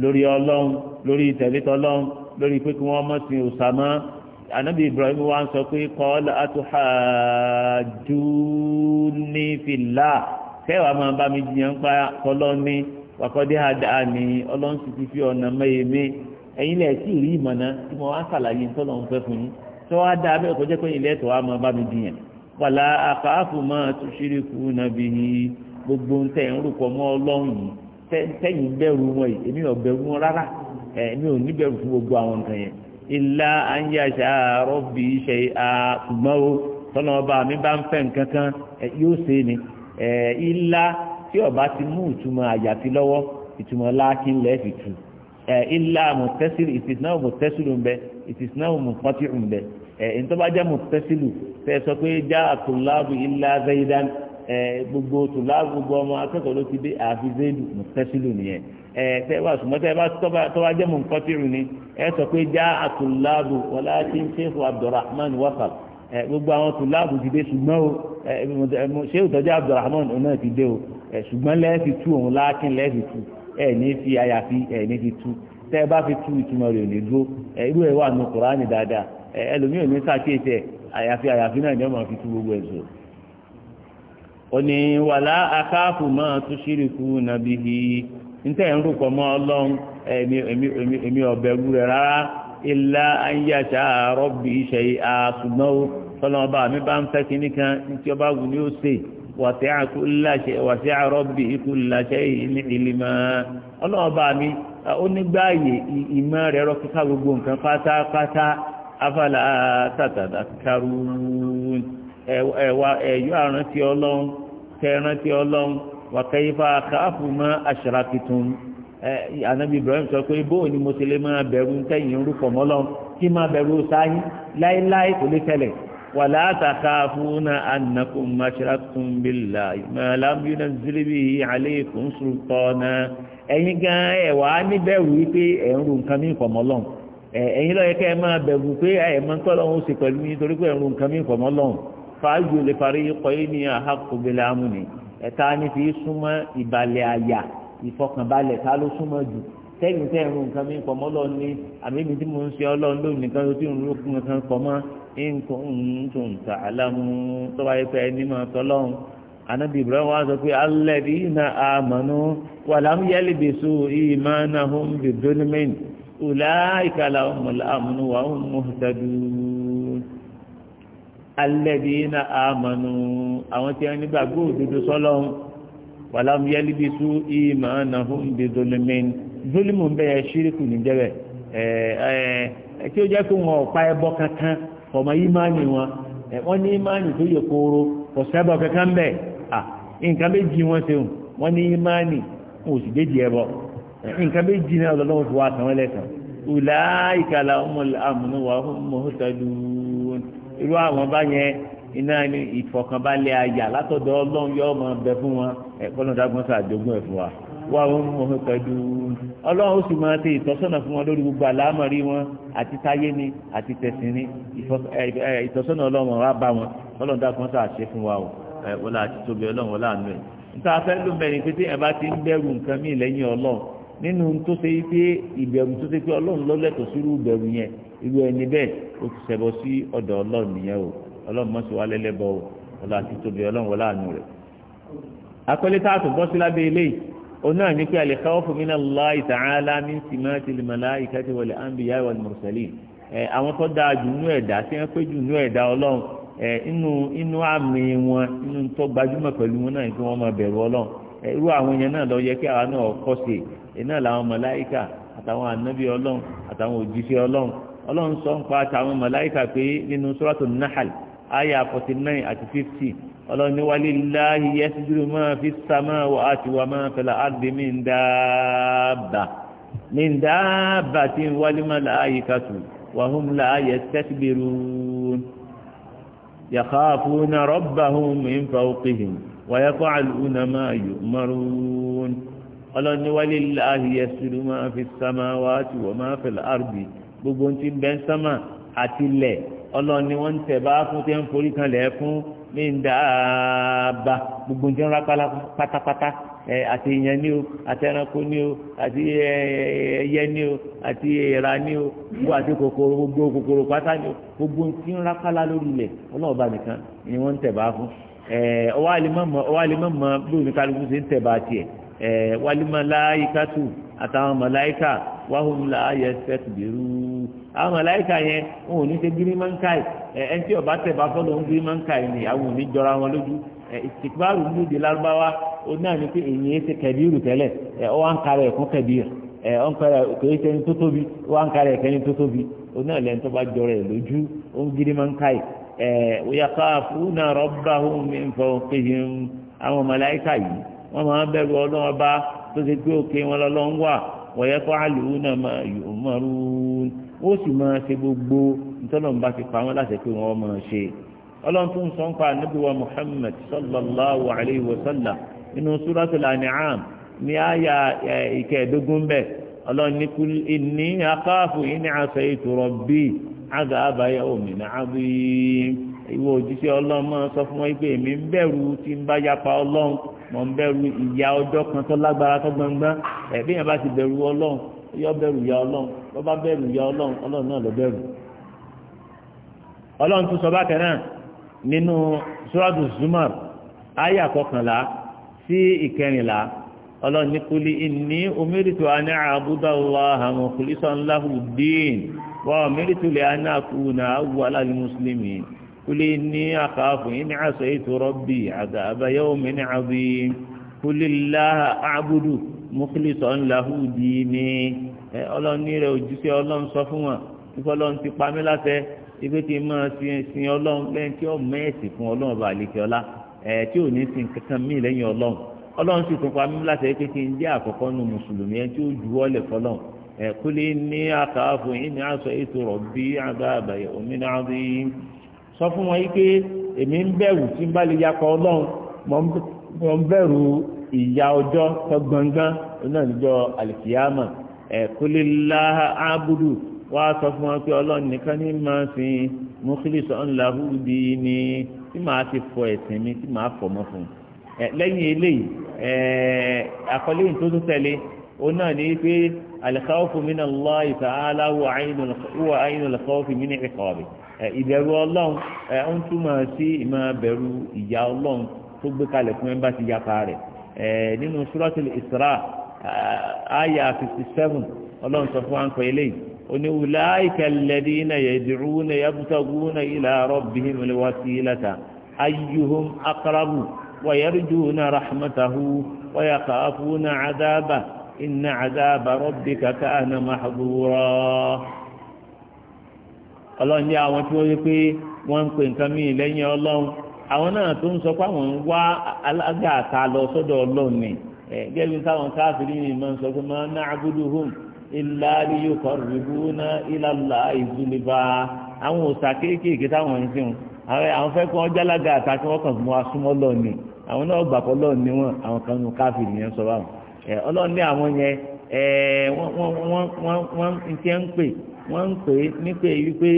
lórí ọlọ́run lórí ìtẹ̀lẹ́tọ̀ lórí pé kí wọ́n mọ̀ sí anabi ibrahim wa sọ pé kẹwàá máa bá mi pa wàkọ́dé ni ọlọ́run sì ti fi ọ̀nà mẹ́yẹmí ẹ̀yin lẹ̀ sí rí ìmọ̀nà tí mo wá sàlàyé fẹ́ fún yín wọ́n dá abẹ́rẹ́ kọjá pé ilé wa máa mi wàlá àkàáfù gbogbo ń tẹ̀ ń rúkọ mọ́ ọlọ́run yìí tẹ́yìn bẹ̀rù wọn yìí èmi ò bẹ̀rù wọn rárá èmi ò ní bẹ̀rù fún gbogbo àwọn nǹkan yẹn ilá anyáṣá rọ́bì ṣe àgbọ̀n o tọ́nà ọba mi bá ń fẹ́ nǹkan kan yóò ṣe ni ilá tí ọba ti mú ìtumọ̀ àyàfi lọ́wọ́ ìtumọ̀ láàkín lẹ́ẹ̀fì tù ilá mọ̀tẹ́sílù ìtìsínáwó mọ̀tẹ́sílù ń bẹ ìtìsínáwó mọ̀tẹ́sílù ń bẹ ẹ̀ ntọ́bajẹ́ mọ̀tẹ́sílù fẹ́ sọ pé já àtúnláàbù ilá zaidan gbogbo tùlá gbogbo ọmọ akẹ́kọ̀ọ́ ló ti dé àfi zéèlù mọ̀tẹ́sílù nìyẹn ẹ tẹ wá sùmọ́ tẹ bá tọ́wá jẹ́ mọ̀ nǹkan tìrù ni ẹ sọ pé já àtùláàbù wọlá tí ń ṣe fún abdulrahman wasap ẹ gbogbo àwọn tùláàbù ti dé ṣùgbọ́n o ṣé ìtọ́jú abdulrahman òun náà ti dé o ṣùgbọ́n lẹ́ẹ̀fi tú òun láàkín lẹ́ẹ̀fi tú ẹ ní fi àyàfi ẹ ní fi tú tẹ bá fi tú ìtumọ̀ rẹ̀ ò lè dúró ẹ irú ẹ wà nù kùránì dáadáa ẹ ẹlòmíràn ní sàkíyèsí ẹ àyàfi àyàfi náà ni wọ́n máa fi tú gbogbo ẹ̀ sọ̀rọ̀ ó ní wàlá akáàfù máa tún ṣírìkú nàbí hi níta ń rúkọ mọ́ ọlọ́run èmi èmi èmi èmi ọ̀bẹ̀rù rẹ̀ rárá ilá ayéṣà rọ́bì iṣẹ́ àṣùgbọ́n ó tọ́lọ́mọba mi bá ń fẹ́ kínní kan tí ọba wù ní ó sè wàtí àkúláṣẹ wàtí àrọ́bì ìkúláṣẹ ìlìmọ̀ ọlọ́ọ̀bá mi ó ìmọ̀ rẹ̀ rọ gbogbo nǹkan pátápátá afálà tàtàdà kárùn-ún ẹ̀wà ẹ̀yọ́ àrántí ọlọ́run kẹrántí ọlọ́run wàkẹ́yìfà káfù mọ́ aṣàràkìtùn anabi ibrahim sọ pé bóun ni mo ti lè máa bẹ̀rù ntẹ̀yìn rúpọ̀ mọ́lọ́run kí máa bẹ̀rù sáyé láéláé kò lè tẹ̀lẹ̀ wàlá àtàkàfù náà ànàkùn aṣàràkìtùn bílà màlámúyúnà zíríbì àlékún sùtọ́ náà ẹ̀yin gan ẹ̀wà níbẹ̀rù wípé ẹ̀ ń ru nǹkan mí pọ̀ mọ́lọ́run ẹ̀yin lọ́yẹ̀kẹ́ máa bẹ̀rù pé ẹ̀ mọ́ tọ́lọ́run ó fàájú lè parí ikọ̀ yìí ní àhàkùnbẹ̀lẹ̀ amúni ẹ̀ka ní fi súnmọ́ ìbàlẹ̀ àyà ìfọkànbalẹ̀ ta ló súnmọ́ jù tẹ́yìn tẹ́ ìrù nǹkan mi pọ̀ mọ́ lọ́ọ́ ní àbẹ́mi tí mo ń ṣe ọlọ́run lónìí nìkan tó ti ń rú nǹkan pọ̀ mọ́ nǹkan tó ń ta àlámú tó wáyé pé ẹni máa tọ́lọ́run anabi ibrahim wa sọ pé alẹ́bí iná àmọ́nú wà láwọn yẹ́lì bèṣù ìmọ̀ náà hó ń bèbè lónìí mẹ́rin ọ̀là àmọ́nú wà ó ń alladhina amanu àwọn tí wọ́n nígbàgbọ́ òdodo sọ́lọ́hún walam yalbisu imanahum bi zulmin zulimu ń bẹ̀yẹ ṣíríkù níjẹ́bẹ̀ tí ó jẹ́ pé wọn ò pa ẹbọ kankan ọmọ ìmánì wọn wọ́n ní ìmánì tó yẹ kóró kò sẹ́bọ̀ kankan bẹ́ẹ̀ nǹkan méjì wọn ṣeun wọn ní ìmánì wọn ò sì déjì ẹbọ nǹkan méjì náà lọ́wọ́ fi wá àtàwọn ẹlẹ́sàn irú àwọn bá yẹn iná ní ìfọkànbalẹ̀ àyà látọ̀dọ̀ ọlọ́run yọ ọmọ bẹ fún wọn ẹ̀kọ́nà dágbọ́n sàdógún ẹ̀ fún wa wà wọn mú wọn pẹ̀lú ọlọ́run ó sì máa ṣe ìtọ́sọ́nà fún wọn lórí gbogbo àlámọ̀rí wọn àti táyé ni àti tẹ̀sìn ni ìtọ́sọ́nà ọlọ́run wa bá wọn ọlọ́run dágbọ́n sàṣẹ fún wa o wọlé àti tóbi ọlọ́run wọlé àánú ẹ̀ nítorí afẹ́ ló mẹ́rin pé tí bá ti ń bẹ̀rù nǹkan mí lẹ́yìn ọlọ́run nínú tó ṣe pé ìbẹ̀rù tó ṣe pé ọlọ́run lọ́lẹ́tọ̀ sírú ìbẹ̀rù yẹn irú ẹni bẹ́ẹ̀ ó ti ṣẹbọ sí ọ̀dọ̀ ọlọ́run nìyẹn o ọlọ́run mọ́ wa lẹ́lẹ́bọ o ọlọ́run àti tóbi ọlọ́run wọlé àánú rẹ̀. akọ́lé a bọ́ sí lábẹ́ eléyìí òun náà ní pé al-khawfu minallahi ta'ala min simatil malaikati wal anbiya'i wal mursalin àwọn iná làwọn mọ̀láìkà àtàwọn ànábì ọlọ́run àtàwọn òjíṣẹ́ ọlọ́run ọlọ́run sọ ń pa àtàwọn mọ̀láìkà pé nínú sọ́ràtò nahal aya forty nine àti fifty ọlọ́run ní wálé láàyè yẹsùdúró máa fi sàmà wà á ti wà máa fẹlẹ̀ àdé mi ń dáàbà mi ń dáàbà tí ń wálé má láàyè kàtó wà hùm láàyè tẹ́sibirú yàkàfún náà rọ́bà hùm mi wà yẹ kó àlùkù náà máa yọ̀ mọ́rún ọlọ́ni wálé láàyè sùnú máa fi sámá wá tì wọ́n máa fẹ̀ láàrúbì gbogbo ti ń bẹ́ ń sámà àti ilẹ̀ ọlọ́ni wọ́n ń tẹ̀ bá fún tẹ́ ń forí kan lẹ̀ fún ní ń dáàbà gbogbo ti ń ra pátápátá àti ìyẹn ní o àti ẹranko ní o àti ẹyẹ ní o àti èèrà ní o gbogbo àti kòkòrò gbogbo kòkòrò pátá ní o gbogbo ti ń ra pálá lórí ilẹ̀ ọlọ́ọ̀bá nìkan ni wọ́n ń tẹ̀ fún ọwọ́ àlè Eh, wálímọ̀láyíkàtù àtàwọn mọ̀láyíkà wáhùnmùlá ayẹsẹ̀tì bẹ̀rù àwọn mọ̀láyíkà yẹn wọn ò ní ṣe gírímọ̀nkáì eh, ẹni tí ọba tẹ̀ bá fọ́lọ́ ń gírímọ̀nkáì ni àwọn ò ní jọra wọn lójú ìsìkbárù eh, ní èdè lárúbáwá ó náà ní pé èyí ṣe kẹbíìrù tẹ́lẹ̀ ọ wá ń karẹ̀ ẹ̀kún kẹbíìrù ẹ ọ ń karẹ̀ kìí ṣe tó tóbi ó wá ń karẹ̀ ẹ̀kẹ́ni tó tóbi ó náà lẹ́nu tó bá jọra ẹ̀ lójú ó ń gírímọ̀nkáì ẹ̀ ó yà káà fún wọ́n máa bẹ̀rù ọlọ́run ọba tó ṣe pé òkè wọn lọ́lọ́run wà wọ̀yẹ́ kọ́ àlùú náà máa yò mọ́rún ó sì máa ṣe gbogbo ìtọ́lọ́run bá ti pa wọ́n láṣẹ pé wọ́n máa ṣe ọlọ́run tó ń sọ ń pa ànábì wa Muhammad sallallahu alayhi wa sallam inú suratul An'am ní àyà ìkẹẹ̀dógún bẹ́ẹ̀ ọlọ́run ní kul inni akáàfù inni asaytu rabbi àgà àbáyá òmìnira àbí ìwọ òjíṣẹ́ ọlọ́run máa sọ fún wọn pé èmi ń bẹ̀rù tí ń bá yapa ọlọ́run mọ̀ ń bẹ̀rù ìyá ọjọ́ kan tó lágbára tó gbọngbọ́n ẹ̀bí yẹn bá ti bẹ̀rù ọlọ́run yọ bẹ̀rù ìyá ọlọ́run lọ bá bẹ̀rù ìyá ọlọ́run ọlọ́run náà lọ bẹ̀rù. ọlọ́run tún sọ bákan náà nínú suratu zumar aya kọkànlá sí ìkẹrìnlá ọlọ́run ní kuli inni umiritu an a'buda Allaha mukhlisan lahu ddin wa umiritu li an akuna awwalal muslimin قل إني أخاف إن عصيت ربي عذاب يوم عظيم قل الله أعبد مخلصا له ديني ọlọ́run ní rẹ̀ ọlọ́run sọ fún wọn ti pa mí ibi tí mo sin ọlọ́run lẹ́yìn tí ó mẹ́ẹ̀sì fún ọlọ́run ọba ẹ̀ tí ò ní sin kankan lẹ́yìn ọlọ́run ọlọ́run sì tún pa mí sọ fún wọn yìí pé èmi ń bẹ̀rù tí ń bá lè yakọ̀ ọlọ́run mọ̀ ń bẹ̀rù ìyà ọjọ́ tó gbọ̀ngàn náà níjọ́ àlìkìyàmà ẹ̀ kó lè la ábùdù wá sọ fún wọn pé ọlọ́run nìkan ní máa fi mọ́kílìsọ̀ ńláhù di ni tí màá ti fọ ẹ̀sìn mi tí màá fọ̀ mọ́ fún un lẹ́yìn eléyìí ẹ̀ àkọlé yìí tó tún tẹ̀lé òun náà ní pé al-khawfu min Allah ta'ala huwa 'aynul khawfi min 'iqabihi ìbẹ̀rù ọlọ́run ń túmọ̀ sí ìmọ̀ bẹ̀rù ìyá ọlọ́run tó gbé kalẹ̀ fún ẹ bá ti yapa rẹ̀ nínú suratul Isra àyà fifty seven ọlọ́run sọ fún wa ń pẹ́ eléyìí oni wulaayika ladina yadcuuna yabtaguuna ilaa rabbihim alwasiilata ayuhum aqrabu wayarjuuna raxmatahu wayakaafuuna cadaaba ina cadaaba rabbika kaana maxduuraa ọlọ́run ní àwọn tí wọ́n yẹ pé wọ́n ń pè nǹkan míì lẹ́yìn ọlọ́run àwọn náà tó ń sọ pé àwọn ń wá alága àta lọ sọ́dọ̀ ọlọ́run ni gẹ́gẹ́ bí táwọn káfíìrì máa ń sọ pé máa ná abuduhum illa liyuqarribuna ila Allahi zulfa àwọn òòsà kéékèèké táwọn ń sìn àwọn fẹ́ kí wọ́n jálága àta kí wọ́n kàn mú asúmọ́ lọ́ọ̀ni àwọn náà gbà kọ́ àwọn kan wọ́n ń pè é nípe wípé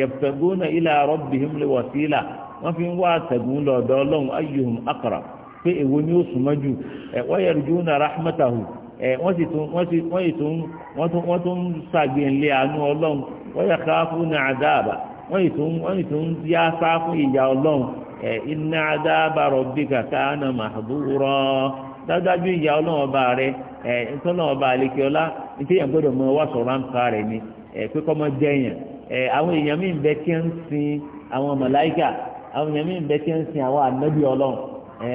yabtaguna ila rabbihim liwasila wọ́n fi ń wá àtẹ̀gùn lọ́dọ̀ ọlọ́run ayyuhum aqrab pé èwo ni ó súnmọ́ jù ẹ̀ wa yarjuna rahmatahu ẹ̀ wọ́n sì tún wọ́n sì wọ́n sì tún wọ́n tún wọ́n tún ṣàgbéǹlé àánú ọlọ́run wa yakhafuna adaba wọ́n sì tún wọ́n sì tún yá sá ìyá ọlọ́run ẹ̀ inna adaba rabbika pé kọ́ mọ́ jẹ́ èèyàn àwọn èèyàn mi ń bẹ kí ń sin àwọn màláíkà àwọn èèyàn mi ń bẹ kí ń sin àwọn ya ọlọ́run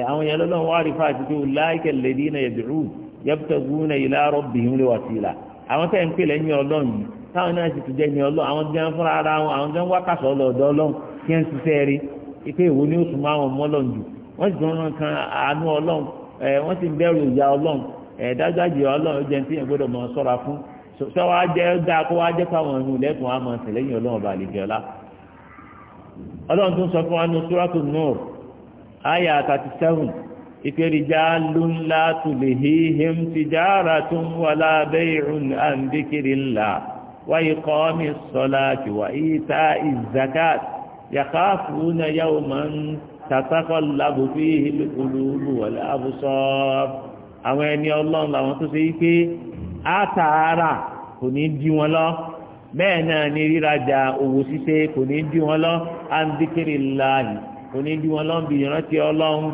àwọn èèyàn lọ́lọ́run wá rí pé láìkẹ́ lèdí náà yẹ̀dùrú ila rabbihim wasila àwọn tẹ́ ń pè lẹ́yìn ọlọ́run yìí táwọn náà sì ti jẹ́ ní ọlọ́run àwọn jẹ́ ń fúnra ara wọn àwọn jẹ́ ń wákàtọ̀ ọlọ́ọ̀dọ́ ọlọ́run kí ń rí ni sọ wá jẹ́ dáa kó wá jẹ́ fáwọn ọ̀hún lẹ́kùn á máa tẹ̀lé yín ọlọ́run ọba àlejò ọlá ọlọ́run tó ń sọ fún wa ní sùràtù Nur àyà thirty seven ìpèrìjà lóńlá tulihihim tijaratun wala bay'un an dhikrillah wa iqamis salati wa ita'iz zakat yakhafuna yawman tataqallabu fihi al-qulubu wal absar àwọn ẹni ọlọ́run làwọn tó ṣe yí pé àtàárà kò ní dí wọn lọ bẹ́ẹ̀ náà ni rírajà òwò ṣíṣe kò ní dí wọn lọ andikiri láàyè kò ní dí wọn lọ bí ìrántí ọlọ́run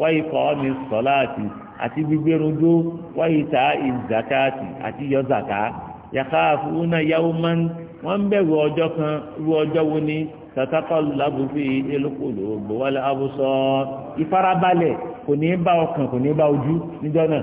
wáyé kọ́ mi sọ́láàtì àti gbígbérúndó wáyé ta ìzàkáàtì àti yọzàká yakhafuna yawman wọ́n ń bẹ̀rù ọjọ́ kan rú ọjọ́ wo ni tataqallabu fihi al-qulub wal ìfarabalẹ̀ kò ní bá ọkàn kò ní bá ojú níjọ́ náà.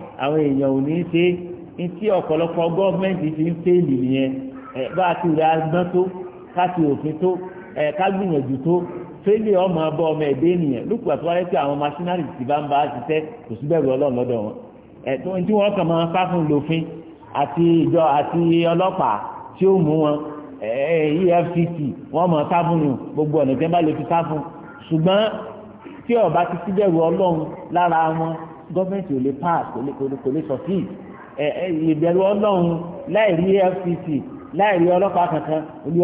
àwọn èèyàn ò ní ṣe ní tí ọ̀pọ̀lọpọ̀ gọ́ọ̀mẹ̀ntì ti ń fẹ́ẹ̀lì nìyẹn ẹ̀ bá a ti rẹ̀ agbọ́n tó ká ti òfin tó ẹ̀ ká gbìyànjú tó fẹ́ẹ̀lì ọmọ ọba ọmọ ẹ̀dẹ́ nìyẹn lókùn àtúwárẹ́ pé àwọn maṣínárì ti bá ń bá a ṣiṣẹ́ kò sí bẹ̀rù ọlọ́run lọ́dọ̀ wọn ẹ̀tún tí wọ́n kàn máa fá fún lòfin àti ìjọ àti ọlọ́pàá tí ó mú wọn EFCC wọ́n máa fá fún yìí gbogbo ọ̀nà tí bá lè fi fá fún ṣùgbọ́n tí ọba ti síbẹ̀rù ọlọ́run lára wọn gọ́ọ̀mẹ̀ntì ò lè pass kò lè succeed ìbẹ̀rù ọlọ́run láì rí fct láì rí ọlọ́pàá kankan olú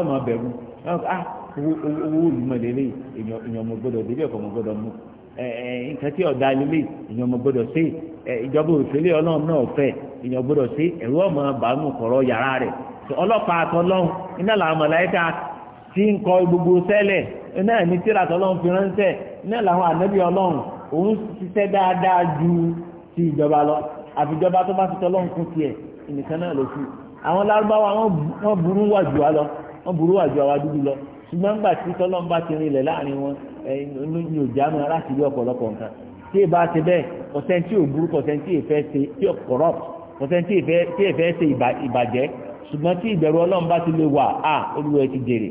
ọmọ bẹ̀rù ah, owó olùmọ̀lẹ́lẹ́ èèyàn ọmọ gbọ́dọ̀ débẹ̀ kọ́ ọmọ gbọ́dọ̀ mú nǹkan tí ọ̀dà lílé èèyàn ọmọ gbọ́dọ̀ sí ìjọba òṣèlú ọlọ́run náà fẹ́ èèyàn gbọ́dọ̀ sí ẹ̀rú ọmọ bàánù kọ̀rọ̀ yàrá rẹ̀ ọlọ́pàá àtọ́lọ́run iná làwọn mọ̀láyíká tí ń kọ gbogbo sẹ́lẹ̀ náà ní tíra àtọ́lọ́run fi ránṣẹ́ náà làwọn ànábì ọlọ́run òun ṣiṣẹ́ dáadáa ju ti ìjọba lọ àfìjọba tó bá ti tọ́ lọ́nkún tiẹ̀ ìnìkan náà ló fi àwọn lárúbáwá wọn burú wà jù wá lọ wọn burú wà jù wá dúdú lọ ṣùgbọ́n gbà tí tọ́lọ́n bá ti rinlẹ̀ láàrin wọn ní òjá mi láti rí ọ̀pọ̀lọpọ̀ nǹkan tí ì bá ti bẹ́ẹ̀ kọ̀sẹ́ntì ò burú kọ̀sẹ́ntì ìfẹ́ ṣe tí ò corrupt kọ̀sẹ́ntì ìfẹ́ ṣe ìbàjẹ́ ṣùgbọ́n tí ìbẹ̀rù ọlọ́run bá ti lè wà á olúwẹ̀ ti jèrè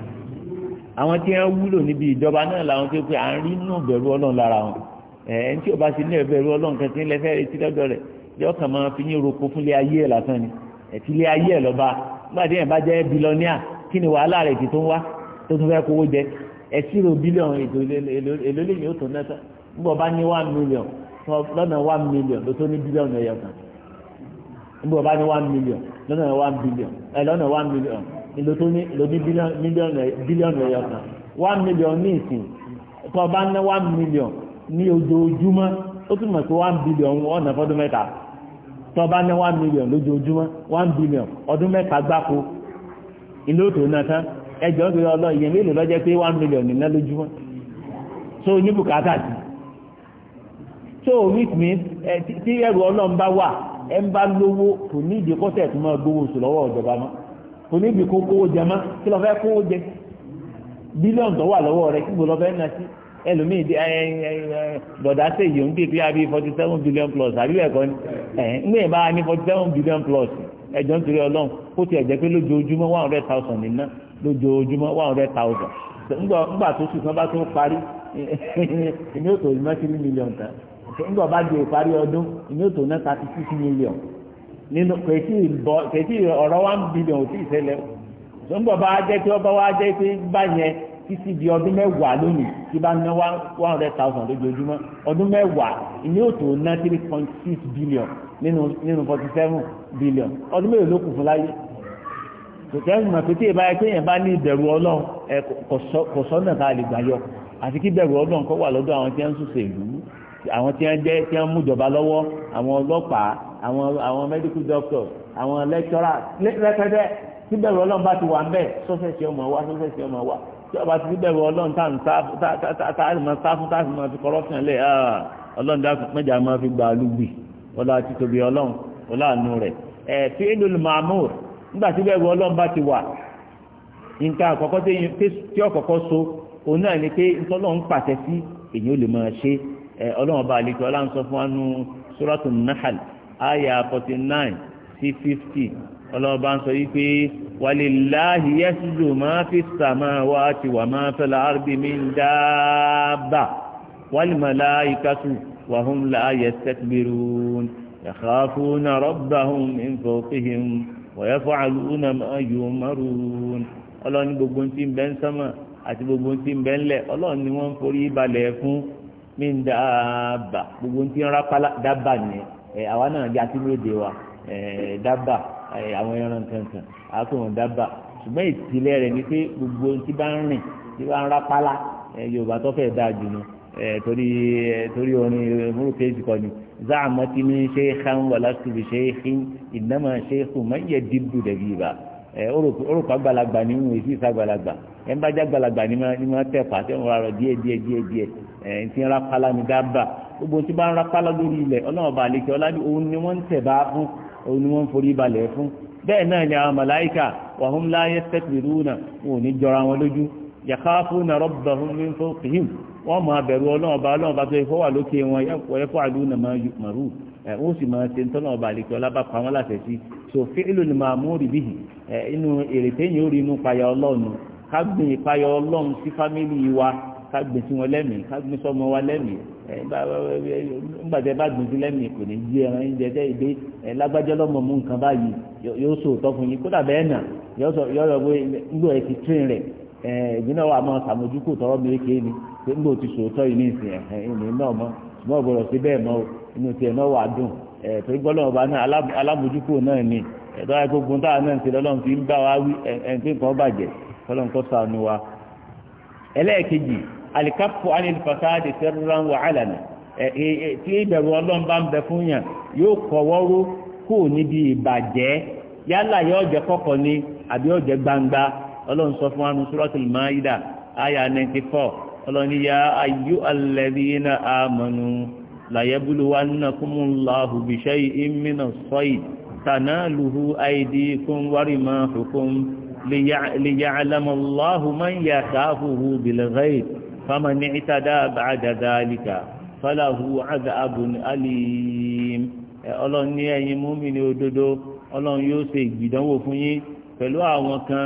àwọn tí wọ́n wúlò níbi ìjọba náà làwọn tó pé à ń rí nù bẹ̀rù ọlọ́run lára wọn ẹ̀ẹ́n tí o bá ti ní ẹ̀bẹ̀rù ọlọ́run kan tí ń lẹ́fẹ́ retí lọ́dọ̀ rẹ̀ yóò kàn máa fi yín roko fún ilé ayé ẹ̀ lásán ni ẹ̀tí ilé ayé ẹ̀ lọ́ba nígbà tí yẹn bá jẹ́ bílọ́níà kí ni wàhálà rẹ̀ ti tó ń wá tó tún fẹ́ kówó jẹ ẹtí ro bílíọ̀nù ètò èlò lè yóò tó nẹ́tà nígbà bá ní one million lọ́nà one million ló tó ní bílíọ̀nù ẹ̀yọ̀ kan nígbà bá ní one million lọ́nà one billion ẹ̀ lọ́nà one million ìlò tó ní ìlò ní bílíọ̀nù one million ní ìsìn tó bá ná million ní ojoojúmọ́ ó one billion ọ̀nà fọ́dún mẹ́ta tó bá ná million lójoojúmọ́ one billion ọdún mẹ́ta gbáko ìlò tó tán ẹjọ́ ń pè ọlọ́ ìyẹn mélòó lọ́jẹ́ pé one million nínú lójúmọ́ so ní sí so which means ẹrù wà ẹ ń bá lówó kò ní ìdíkọ́sẹ̀ tó kò ní ibi kó kówó jẹ mọ́ kí lọ fẹ́ kówó jẹ bílíọ̀nù tó wà lọ́wọ́ rẹ̀ kí gbọ́dọ̀ fẹ́ nà sí ẹlòmíì ẹ ẹ ẹ bọ̀dá ṣe yìí ń kékeré àbí forty seven billion plus àbí bẹ́ẹ̀ kọ́ ni ẹ̀ ń gbé bá a ní forty seven billion plus ẹ̀jọ̀ ń torí ọlọ́run ó ti ẹ̀jẹ̀ pé lójoojúmọ́ one hundred thousand nínà lójoojúmọ́ one hundred thousand ńgbà tó sùn kan bá tó parí ní òtò ìmọ̀sílì mílíọ̀n tán ńgbà bá di ìparí ọdún ní òtò náà thirty six million nínú kẹtí ìbọ kẹtí ọ̀rọ̀ wa ń bìbẹ òtí ìṣẹ̀lẹ̀ tó ń bọ̀ bá jẹ pé ọba wa jẹ pé báyẹn títí di ọdún mẹ́wàá lónìí tí bá ná one hundred thousand lójoojúmọ́ ọdún mẹ́wàá ìní òtò ná three point six billion nínú nínú forty seven billion ọdún mélòó ló kù fún láyé tòtẹ́ ẹ̀sìn mọ̀ pé tí ìbáyẹ pé èèyàn bá ní ìbẹ̀rù ọlọ́run ẹ kò sọ́nà tá a lè gbà yọ àti kí ìbẹ̀rù ọlọ́run kọ́ wà lọ́dọ̀ àwọn tí wọ́n ń ṣòṣèlú àwọn tí wọ́n jẹ́ tí wọ́n ń mújọba lọ́wọ́ àwọn ọlọ́pàá àwọn àwọn medical doctor àwọn lecturer rẹpẹtẹ tí bẹ̀rù ọlọ́run bá ti wà ńbẹ̀ sọ́fẹ̀sì ọmọ wa sọ́fẹ̀sì ọmọ wa tí ọba ti bẹ̀rù ọlọ́run tá à ń sá fún tá à sì máa fi corruption lẹ̀ ọlọ́run dákun mẹ́jà máa fi gba alúgbì ọlá títóbi ọlọ́run ọlá àánú rẹ̀ ẹ̀ fi èlò màmúr nígbà tí bẹ̀rù ọlọ́run bá ti wà nǹkan àkọ́kọ́ tí ọkọ̀kọ́ so òun náà ni pé ntọ́lọ́run pàṣẹ sí èyí ó lè máa ṣe ọlọ́run ọba àlejò ọlá àyà forty nine sí fifty ọlọ́ọ̀bá ń sọ wípé wàlíláhi yẹ́sùdù máa fi sàmà wá ti wà máa fẹ́lá àrùbí mi ń dáàbà wàlímọ̀lá ìkàtù wàhùn láàyè sẹ́kìbìrún يخافون ربهم من فوقهم ويفعلون ما يؤمرون ọlọ́run ní gbogbo tí ń bẹ ń sánmà àti gbogbo tí ń bẹ ń lẹ̀ ọlọ́run wọ́n ń forí balẹ̀ fún mí ń dáàbà gbogbo tí ń rápálá dábà nìyẹn àwa náà jẹ́ àti lóde wa dábà àwọn ẹran kankan àtòwọn dábà ṣùgbọ́n ìtìlẹ̀ rẹ̀ ni pé gbogbo tí bá ń rìn tí bá ń rápálá yorùbá tó fẹ́ dáa jù nù torí torí orin múrùkẹ́ ìsìkọ́ ni záàmọ́ ní ṣe é xan wàlá tùbí ṣe é xin ìnáma ṣe é kù mọ́ yẹ dìbò dẹ̀bí ibà ẹ orúkọ àgbàlagbà ni wọn èsì ìsàgbàlagbà ẹ ń bá já àgbàlagbà ni wọn tẹ fà tẹ wọn rà rọ díẹ̀ díẹ̀ díẹ̀ díẹ̀ ẹ ń ti ń rapala ní dábà gbogbo tí bá ń rapala lórí ilẹ̀ ọlọ́run bá àlejò ọlá òun ni wọ́n ń tẹ̀ bá fún òun ni wọ́n ń forí balẹ̀ fún bẹ́ẹ̀ náà ni àwọn màláìkà wàhùn láyé tẹ́tìrì rúnà wọn ò ní jọra wọn lójú yàkáfù náà rọ́bà fún mi fún fìhìm wọ́n máa bẹ̀rù ọlọ́run ọba ọlọ́run ọba tó yẹ kó lókè wọn yẹ kó àdúrà náà màrú ẹ ó sì máa ṣe ntọ́nà ọba àlekè ọlábà pa wọn láṣẹ sí so fílò ni màá ẹ inú ó rí inú payà ọlọ́run ká gbìn ọlọ́run sí fámìlì wa ká gbìn sí wọn lẹ́mìí ká gbìn sọmọ wa lẹ́mìí ẹ bá gbìn sí lẹ́mìí kò ní jí ẹran jẹjẹ ìgbé ẹ lágbájá pé ńgbò ti sòótọ́ yìí ní ìsìn ẹ̀hẹ́ ìní náà mọ́ ṣùgbọ́n ọ̀gbọ̀rọ̀ sí bẹ́ẹ̀ mọ́ inú tiẹ̀ náà wà dùn ẹ̀ torí gbọ́dọ̀ náà alábòjúkò náà ni ẹ̀dọ́ agbógun táwa náà ń lọ́lọ́run fi ń bá wa wí ẹ̀ǹtí nǹkan bàjẹ́ kọ́ sànù wa. ẹlẹ́ẹ̀kejì wàhálà tí ìbẹ̀rù ọlọ́run bá ń bẹ fún yàn yóò jẹ́ ọlọ́ni ya ayú alladhina amanu layabluwannakumullahu bishay'in minas sayd tanaluhu aydikum wa rimahukum liya'lamallahu man yakhafuhu bil ghaib faman i'tada ba'da dhalika falahu 'adhabun alim ọlọ́ni ẹ̀yin mùmínì òdodo ọlọ́run yóò ṣe ìgbìdánwò fún yín pẹ̀lú àwọn kan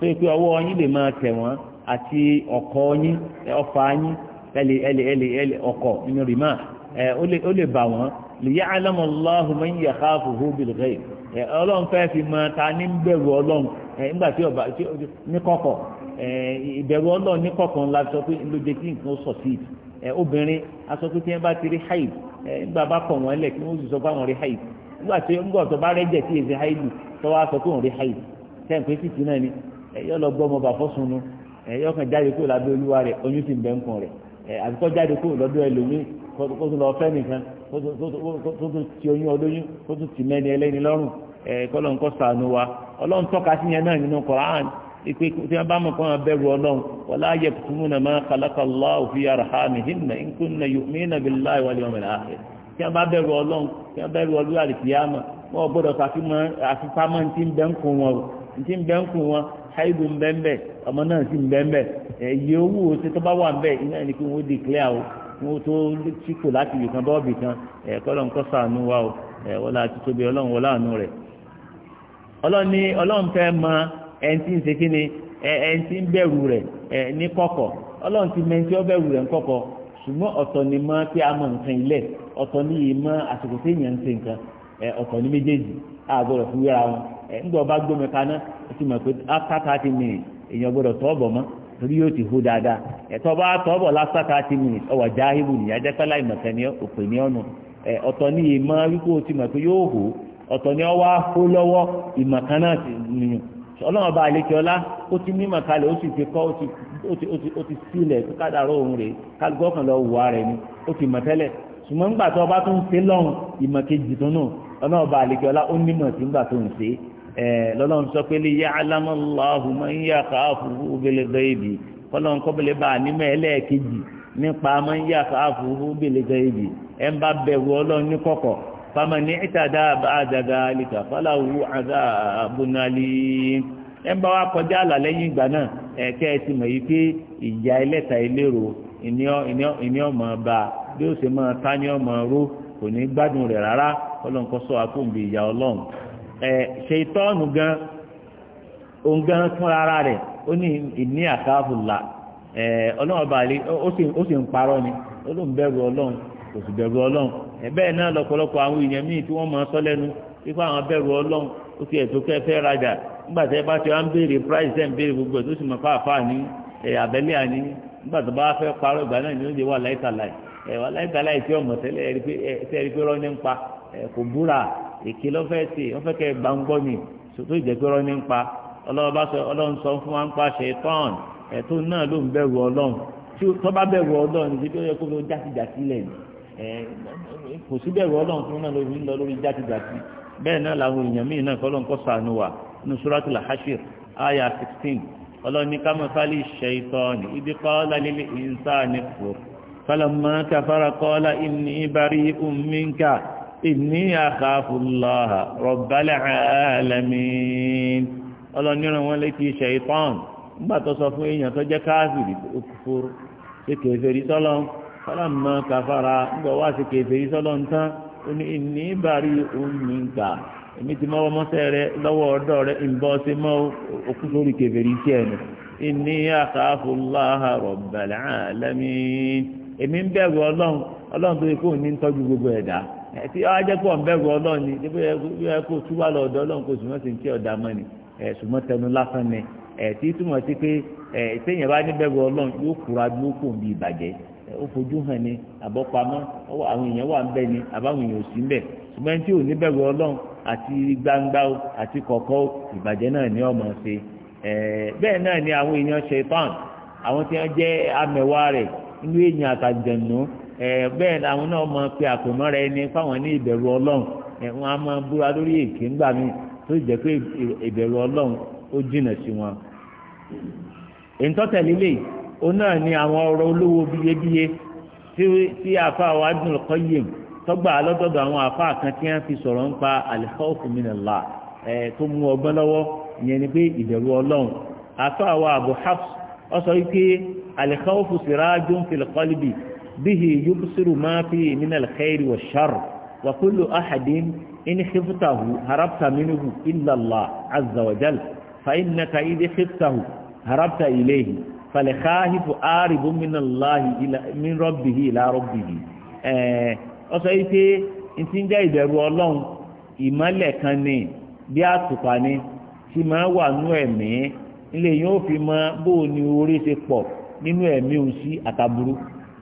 tó yẹ pé ọwọ́ yín lè máa tẹ̀ wọ́n àti ọkọ̀ yín ọfà yín ẹlẹ ẹlẹ ẹlẹ ẹlẹ ọkọ̀ nínú rìmá ẹ ó lè bà wọ́n lè yá alámọ̀láhù máa ń yẹ káàfù hó bìlìkẹ́ ẹ ọlọ́run fẹ́ fi máa ta ní bẹ̀rù ọlọ́run ẹ nígbà tí ọba ní kọ̀kọ̀ ẹ ìbẹ̀rù ọlọ́run ní kọ̀kọ̀ ńlá sọ pé ló kí nǹkan sọ̀ sí ẹ obìnrin aṣọ pé kí wọ́n bá ti rí haid ẹ nígbà bá kọ̀ wọ́n lẹ̀ kí wọ́n sì sọ fáwọn rí haid nígbà tí ó ń gbọ́ tó bá rẹ́jẹ̀ sí èsì haidu tó wá sọ pé òun rí haid ẹ̀yọ́ lọ gbọ́ ọmọ bàfọ́ sunu ẹ̀yọ́ kan jáde kúrò lábẹ́ olúwa rẹ̀ oyún ti bẹ́ ń kàn rẹ̀ ẹ̀ àbíkọ́ jáde kúrò lọ́dọ̀ ẹlòmíì kó tó lọ fẹ́ nìkan kó tó ti oyún ọdóyún kó tó ti mẹ́ni ẹlẹ́ni lọ́rùn ẹ̀ kọ́lọ́ ń kọ́ sànù wa ọlọ́run tọ́ka sí yẹn náà nínú Kùránì ìpè tí wọn bá mọ kó wọn bẹ̀rù Ọlọ́run wọlá yẹ kùtùmùnà máa kàlákà lọ́wọ́ fi àràhàmì hìnnà nkùnà yòmínà bí láì wàlẹ̀ ọmọ rẹ̀ àhẹ tí wọn bá bẹ̀rù Ọlọ́run tí wọn bẹ̀rù Ọlọ́run àlìkìyàmà wọn ò gbọ́dọ̀ fàfipámọ ntí ń bẹ ń kún wọn o ntí ń bẹ ń kún wọn haidu ń ọmọ náà sì ń ẹ̀yẹ owó ṣe tó bá wà ń iná ẹni pé wọ́n o wọ́n tó láti ibìkan bọ́ọ̀bì kan ẹ̀kọ́ lọ́n kọ́ sànú wa o ẹ̀wọ́n la ti tóbi ọlọ́run wọlé àánú rẹ̀ ọlọ́run ọlọ́run fẹ́ mọ ẹni tí ń ṣe kí ni ẹni tí ń bẹ̀rù rẹ̀ ní kọ̀kọ̀ ọlọ́run ti mẹ́ntí ọ bẹ̀rù rẹ̀ ń kọ̀kọ̀ ṣùgbọ́n ọ̀tọ̀ ni a mọ nǹkan ilẹ̀ ọ̀tọ̀ ni yìí ó mọ̀ pé after thirty minutes èèyàn gbọ́dọ̀ tọ́ọ̀bọ̀ mọ́ torí yóò ti hó dáadáa ẹ̀tọ́ bá tọ́ọ̀bọ̀ after thirty minutes ọwọ́ jáhìbù nìyá jẹ́ pẹ́lá ni ní ọ̀nà ọ̀tọ̀ ní ìmọ̀ wípé ó ti mọ̀ pé yóò hó ọ̀tọ̀ ọwọ́ hó lọ́wọ́ ti nìyàn ọlọ́run ọba ọlá ti mímọ̀ ti kọ́ ti sílẹ̀ tó kádàrọ̀ òun rẹ̀ ni ti mọ̀ tẹ́lẹ̀ ṣùgbọ́n tó ọba tó ń ṣe ìmọ̀ ọba ọlá ó nímọ̀ sí lọ́lọ́run sọ pé lè yá alámọ́láhùn máa ń yà káàfù bẹ́lẹ̀ bẹ́ẹ̀bì kọ́lọ́run kọ́bẹ̀lẹ̀ bá nímọ̀ ẹlẹ́ẹ̀kejì nípa máa ń yà káàfù bẹ́lẹ̀ bẹ́ẹ̀bì ẹ̀ ń bá ọlọ́run ní fama ní ìtàdá àdàgà àlìkà fọláwù àdá ẹ̀ ń ẹ ti mọ̀ yìí pé ìyá ẹlẹ́ta ìlérò ìní ṣètọ́nù gan òun gan fúnra ara rẹ̀ ó ní ìní àkáàbùlà ọlọ́run bàálí ó sì ń parọ́ ni ó ló ń bẹ̀rù ọlọ́run kò sì bẹ̀rù ọlọ́run bẹ́ẹ̀ náà lọ́pọ̀lọpọ̀ àwọn èèyàn míì tí wọ́n máa sọ lẹ́nu wípé àwọn bẹ̀rù ọlọ́run ó ti ẹ̀tọ́ kẹ́ fẹ́ rajà nígbà tí ẹ bá ti wá ń béèrè price béèrè gbogbo ẹ̀ tó sì mọ̀ ní àní nígbà tó bá fẹ́ parọ́ ìgbà náà ni ó lè wà láìtàláì wà láìtàláì tí ọmọ tẹ́lẹ̀ ẹ̀ rí pé èké lọ́fẹ́ tè wọ́n fẹ́ kẹ́ gbàǹgbọ́ ni sòtó ìjẹ́pẹ́rọ́ ní pa ọlọ́run sọ fún wa ń pa ṣe tán ẹ̀tọ́ náà ló ń bẹ̀rù ọlọ́run tí tó bá bẹ̀rù ọlọ́run ní tó yẹ kó ló jásíjásí lẹ̀ ní kò sí bẹ̀rù ọlọ́run fún náà lórí lọ lórí jásíjásí bẹ́ẹ̀ náà làwọn èèyàn míì náà kọ́ ló ń kọ́ sànù wà ní suratul hashir aya sixteen ọlọ́run ní kámọ́ fálí ṣaitani ibi qala lil insani kfur falamma kafara qala ìní àkàfùlọ́hà rọ̀bálẹ̀ àlàmín ọlọ́nìrán wọn létí ṣẹ̀tọ́n nígbà tó sọ fún èèyàn tó jẹ́ káfìrí òkúfòrò ṣe kèfèrí sọ́lọ́n kàfàrà nígbà wá ṣe kèfèrí sọ́lọ́n tán ó ní èmi ti lọ́wọ́ ọ̀dọ́ mọ́ kèfèrí sí rọ̀bálẹ̀ èmi ń bẹ̀rù ọlọ́run ọlọ́run tó yẹ kó ní tọ́jú gbogbo ẹ̀dá tí ọ ajẹ́ pọ̀ ń bẹ̀rù ọlọ́run ni bí wọ́n kó túbà lọ ọ̀dọ̀ ọlọ́run kó sùnmọ́ sí ti ọ̀dà mọ́ni ẹ̀ sùnmọ́ tẹnu lásán ni ẹ̀ tí túmọ̀ sí pé ẹ̀ téèyàn bá ní bẹ̀rù ọlọ́run yóò kúra dúró kò ń bí ìbàjẹ́ ó fojú hàn ni àbọ̀pamọ́ àwọn èèyàn wà ń bẹ̀ ni àbáwọn èèyàn ò sí ń bẹ̀ ṣùgbọ́n ò ní bẹ̀rù àti gbangba o àti kọ̀kọ̀ ìbàjẹ́ náà ní ọmọ ṣe bẹ́ẹ̀ náà ni àwọn èèyàn ṣe tán àwọn tí bẹ́ẹ̀ làwọn náà máa pe àpèmọ́ rẹ ni fáwọn ní ìbẹ̀rù ọlọ́run wọn á máa búra lórí èké ńgbà mi tó jẹ́ pé ìbẹ̀rù ọlọ́run ó jìnà sí wọn. ìtọ́tẹ̀lélẹ̀ o náà ni àwọn ọ̀rọ̀ olówó bíyebíye tí àfa wa dùn kọ́ yé mu tọ́gbà lọ́dọ̀dọ̀ àwọn àfa kan tí wọ́n fi sọ̀rọ̀ ń pa al-khawfu min tó mú ọgbọ́n lọ́wọ́ ìyẹn ni pé ìbẹ̀rù ọlọ́run àfa wa Abu Hafs ọ sọ wípé al-khawfu sirajun fil qalbi bihi yubsiru ma fi min alkhairi wa shar wa kullu ahadin in khiftahu harabta minhu illa Allah azza wa jal fa innaka idh khiftahu harabta ilayhi falekhahifu aribun min Allah ila min rabbih ila rabbih eh ó sọ ife ntin jẹ́ ìbẹ̀rù Ọlọ́hun ìmọ́lẹ̀ kan ni bí àtùpà ni tí máa wà nú ẹ̀mí ilé yóò fi mọ bóò ni orí ṣe pọ̀ nínú ẹ̀mí òun sí àtàbúrú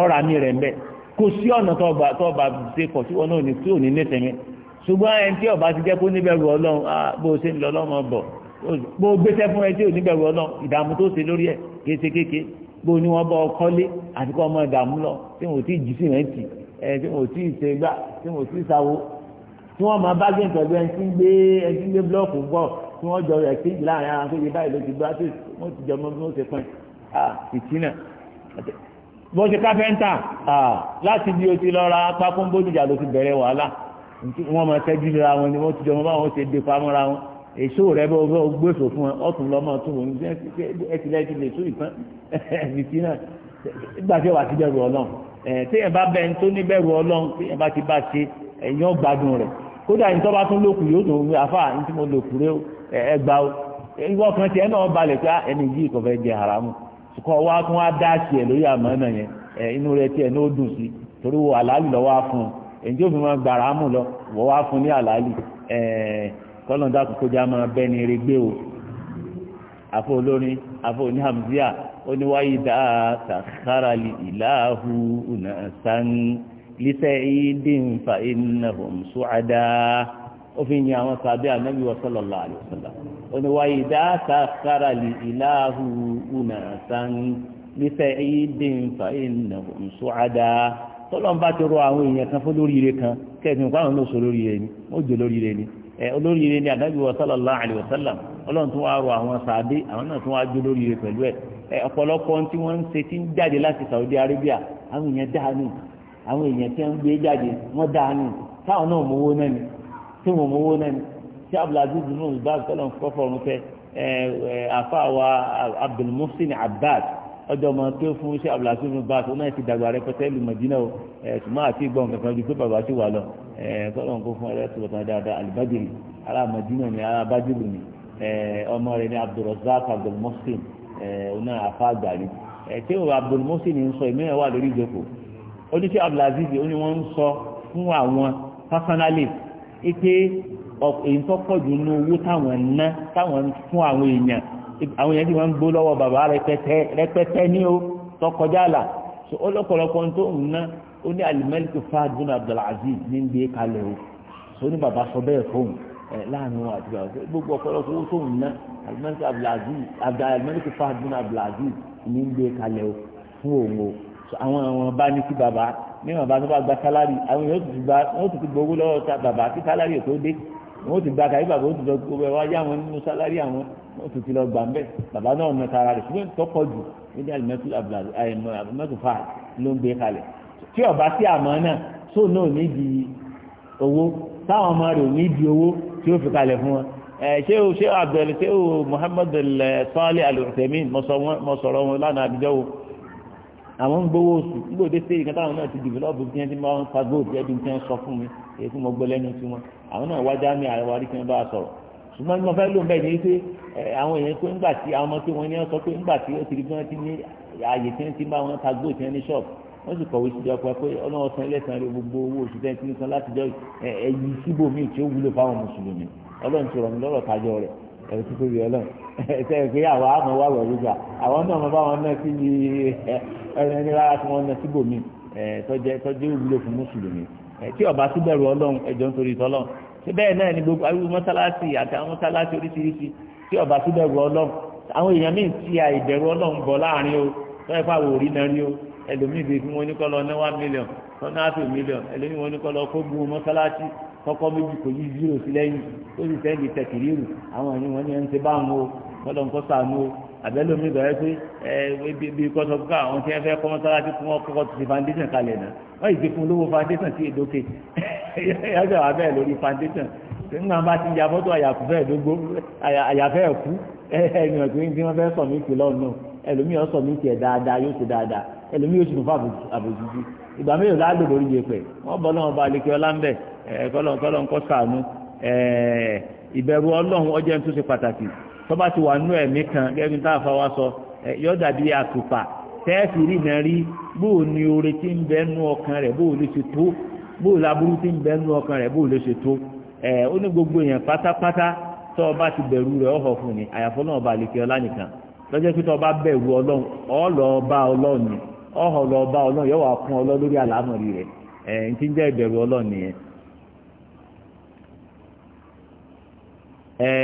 ọ̀rà mi rẹ̀ mbẹ́ kò sí ọ̀nà tọ́ba tọ́ba ṣe kọ̀ sí wọn náà ní tí ò ní nítẹ̀mí ṣùgbọ́n ẹni tí ọba ti jẹ́ kó níbẹ̀rù ọlọ́run bó o ṣe ń lọ lọ́mọ bọ̀ bó o gbéṣẹ́ fún ẹni tí ò níbẹ̀rù ọlọ́run ìdààmú tó ṣe lórí ẹ̀ kéṣe kéke bó o ní wọ́n bọ́ ọ kọ́lé àti kọ́ ọmọ ìdààmú lọ tí wọn ò tí ì jì sí rẹ̀ tì tí wọn ò tí ṣe gbà tí wọn ò tí ì tí wọ́n máa bá gbé ẹni tí ń gbé ẹni tí ń gbé blọ́ọ̀kù bọ̀ tí wọ́n jọ rẹ̀ kéjì láàrin ara pé yé báyìí ti gbá tí wọ́n ti jọ mọ́ bí wọ́n ṣe pẹ́ ah ìtínà bọ́ ṣe káfẹ́ńtà láti bí o ti lọ ra pákún bójújà ló ti bẹ̀rẹ̀ wàhálà wọ́n máa tẹ́jú ra wọn ni wọ́n ti jọmọ́ báwọn ṣe dé pamọ́ra wọn èso rẹ bọ́ bọ́ gbèsò fún ọ ọ̀tún lọ́mọ tó wọn ní ẹtìlẹ́ ti lè tó ìtàn [laughs] ẹ̀fìtì náà gbà tí wà á ti bẹ̀rù ọlọ́run téèyàn bá bẹ́ẹ̀ tó ní bẹ̀rù ọlọ́run téèyàn bá ti bá ṣe ẹ̀yàn gbádùn rẹ̀ kódà ní tọ́ba tún lókù yóò tó wí afá ní tí mo lòkù rẹ ẹgbàá o ìwọ kan tiẹ̀ náà balẹ̀ pé ah, ẹni yìí kò fẹ́ jẹ haramu kọ́ wa tún wá dá tiẹ̀ lórí àmánà yẹn ẹ inú rẹ tiẹ̀ ní ó dùn sí torí wo lọ wọ́ wá fún ní àlàálì ẹ kọ́lọ́n dá kókó o àfọ olórin àfọ oní oníwáyé dá sàkárà ìlàhù nàṣán lísẹ̀ fi yin àwọn sàbẹ́ ànábì wa sallallahu oníwáyé dáàtà kára lè ìlàhù una san nífẹ̀ ìdè nfa ìnà nsọ tọ́lọ́n bá ti àwọn èèyàn kan fún lóríire kan kẹ́sìn kó àwọn olóṣò lóríire ni ó jẹ lóríire ni ẹ olóríire ni ànábì sallallahu wa sallam ọlọ́run tún wá rọ àwọn sàádé àwọn náà tún wá jẹ lóríire pẹ̀lú ẹ ẹ ọ̀pọ̀lọpọ̀ tí wọ́n ń ṣe ti ń jáde láti Saudi Arabia àwọn èèyàn dáhàánù àwọn èèyàn tí wọ́n ń gbé jáde wọ́n dáhàánù táwọn náà tí abdulaziz nù bá tọ́lọ̀ kọ́fọ́ ọ̀run fẹ́ ẹ ẹ àfàwà abdulmuhsin abbas ọjọ́ ọmọ tó fún ṣé abdulaziz nù bá tọ́lọ̀ ti dàgbà rẹpẹtẹ lu madina o ẹ tùmọ̀ àti gbọ̀n kankan ju pé bàbá ti wà lọ ẹ tọ́lọ̀ kó fún ẹrẹ́ tìbọ̀tàn dáadáa alibadiri ará madina ni ará badiru ni ẹ ọmọ rẹ ni abdulrazak abdulmuhsin ẹ ọ̀nà àfà àgbàlẹ̀ ẹ tí abdulmuhsin ń sọ ìmíràn wà lórí èyí tó pọ̀ jù nínú owó táwọn ná táwọn fún àwọn èèyàn àwọn èèyàn tí wọ́n ń gbó lọ́wọ́ bàbá rẹpẹtẹ rẹpẹtẹ ní o tó kọjá là ọlọ́pọ̀lọpọ̀ tó ń ná ó ní alimẹ́lìkì fáadùn abdulaziz ní ń gbé kalẹ̀ o sọ ní bàbá sọ bẹ́ẹ̀ fóun ẹ̀ láàánú àti bàbá gbogbo ọ̀pọ̀lọpọ̀ owó tó ń ná alimẹ́lìkì abdulaziz alimẹ́lìkì fáadùn abdulaziz ní ń gbé kalẹ̀ o fún òun o àwọn àwọn bá ní kí bàbá ní bàbá tó bá gba sálárì àwọn yóò tún gbowó lọ́wọ́ bàbá kí sálárì ò dé wọn ó ti gba kàyí bàbá ó ti lọ gbogbo ẹ wá yá wọn nínú sálárì àwọn wọn ti ti lọ gbà mbẹ bàbá náà nà tara rẹ ṣùgbọ́n tọkọ jù níbi alimẹtu alimẹtu fa ló ń gbé kalẹ̀ tí ọba sí àmọ́ náà tó náà ní di owó táwọn ọmọ rẹ ò ní di owó tí ó fi kalẹ̀ fún wọn ṣé o ṣé abdul ṣé o muhammad sọ́ọ́lì alùsẹ̀mí mọ̀sọ̀rọ̀ wọn lánàá àbíjọ́ wo àwọn ń gbowó oṣù nígbòdè stéèjì kan táwọn náà ti dìvẹ́lọ́pù tí wọ́n ti máa ń fa góòtù ẹbí tí wọ́n sọ fún mi èyí tí mo gbọ́ lẹ́nu tí wọ́n àwọn náà wájá ní àríwá rí kí wọ́n bá sọ̀rọ̀ ṣùgbọ́n mo fẹ́ lò ń bẹ̀ ní pé àwọn èèyàn pé ńgbà tí àwọn ọmọ tí wọ́n ní sọ pé ńgbà tí ó ti rí bí wọ́n ti ní ààyè tí wọ́n ti bá wọn ta gbó tí wọ́n ní ṣọ́ọ̀bù wọ́n sì kọ̀wé síjọ pé pé ọlọ́wọ́ san ilé san gbogbo owó oṣù tẹ́ ti san láti jọ ẹyí síbò míì tí ó wúlò fáwọn mùsùlùmí ọlọ́run ti rọ̀ mí lọ́rọ̀ kájọ rẹ̀ ẹ̀rọ tó tóbi ọlọ́run ẹ̀sẹ̀ tí ọba sí bẹ̀rù ọlọ́run ẹjọ́ nítorí tọ́lọ́run ṣé bẹ́ẹ̀ náà ni gbogbo ariwo mọ́sálásì àti àwọn mọ́sálásì oríṣiríṣi tí ọba sí bẹ̀rù ọlọ́run àwọn èèyàn míì ti à ìbẹ̀rù ọlọ́run bọ̀ láàrin o tọ́yẹ fáwọn òrí náà rí o ẹlòmíì bíi fún wọn ní kọ́ lọ ní one million kọ́ ní half a million ẹlòmíì wọn ní kọ́ lọ kó gbogbo mọ́sálásì kọ́kọ́ méjì kò yí zero sí lẹ́yìn ó sì sẹ́ndì tẹ̀kìrì rù àwọn ẹ̀yìn wọn ní ẹ̀ ń ṣe báwọn o kọ́ lọ́nkọ́ sànú àbẹ́lómi bẹ̀rẹ̀ pé ẹ bí kọ́sọ̀ fún àwọn tí wọ́n fẹ́ kọ́ mọ́sálásí fún wọn kọ́kọ́ ti foundation kalẹ̀ náà wọ́n yìí ti fún lówó foundation sí èdókè [laughs] yàtọ̀ abẹ́ lórí foundation nígbà bá ti ya fọ́tò àyàfẹ́ ẹ̀dógó àyàfẹ́ ẹ̀kú [laughs] ẹ̀yìn ọ̀gbìn tí wọ́n fẹ́ sọ mí kì lọ́nà ẹlòmíì ọ̀sọ̀ mí kì ẹ̀ dáadáa yóò ṣe dáadáa ẹlòmíì yóò ṣe fún àbòjújú ìgbà mélòó láàdó lórí yẹpẹ wọn bọ lọ́wọ́ bá aleke ọlá ń bẹ ẹ kọlọ kọlọ ń tọ́ba ti wà ní ẹ̀mí kan gẹ́gẹ́ tá wa sọ yọ dàbí àtùpà tẹ́ẹ̀sì rí náà rí bóò ni oore ti ń bẹ nú ọkàn rẹ̀ bóò lè ṣe tó bóò ó ní gbogbo èèyàn pátápátá tọ́ ọba ti bẹ̀rù rẹ̀ ọ̀họ̀ fún ni àyàfọ́ náà ọlá nìkan lọ́jọ́ pé bẹ̀rù ọlọ́run ọlọ́run ọlọ́run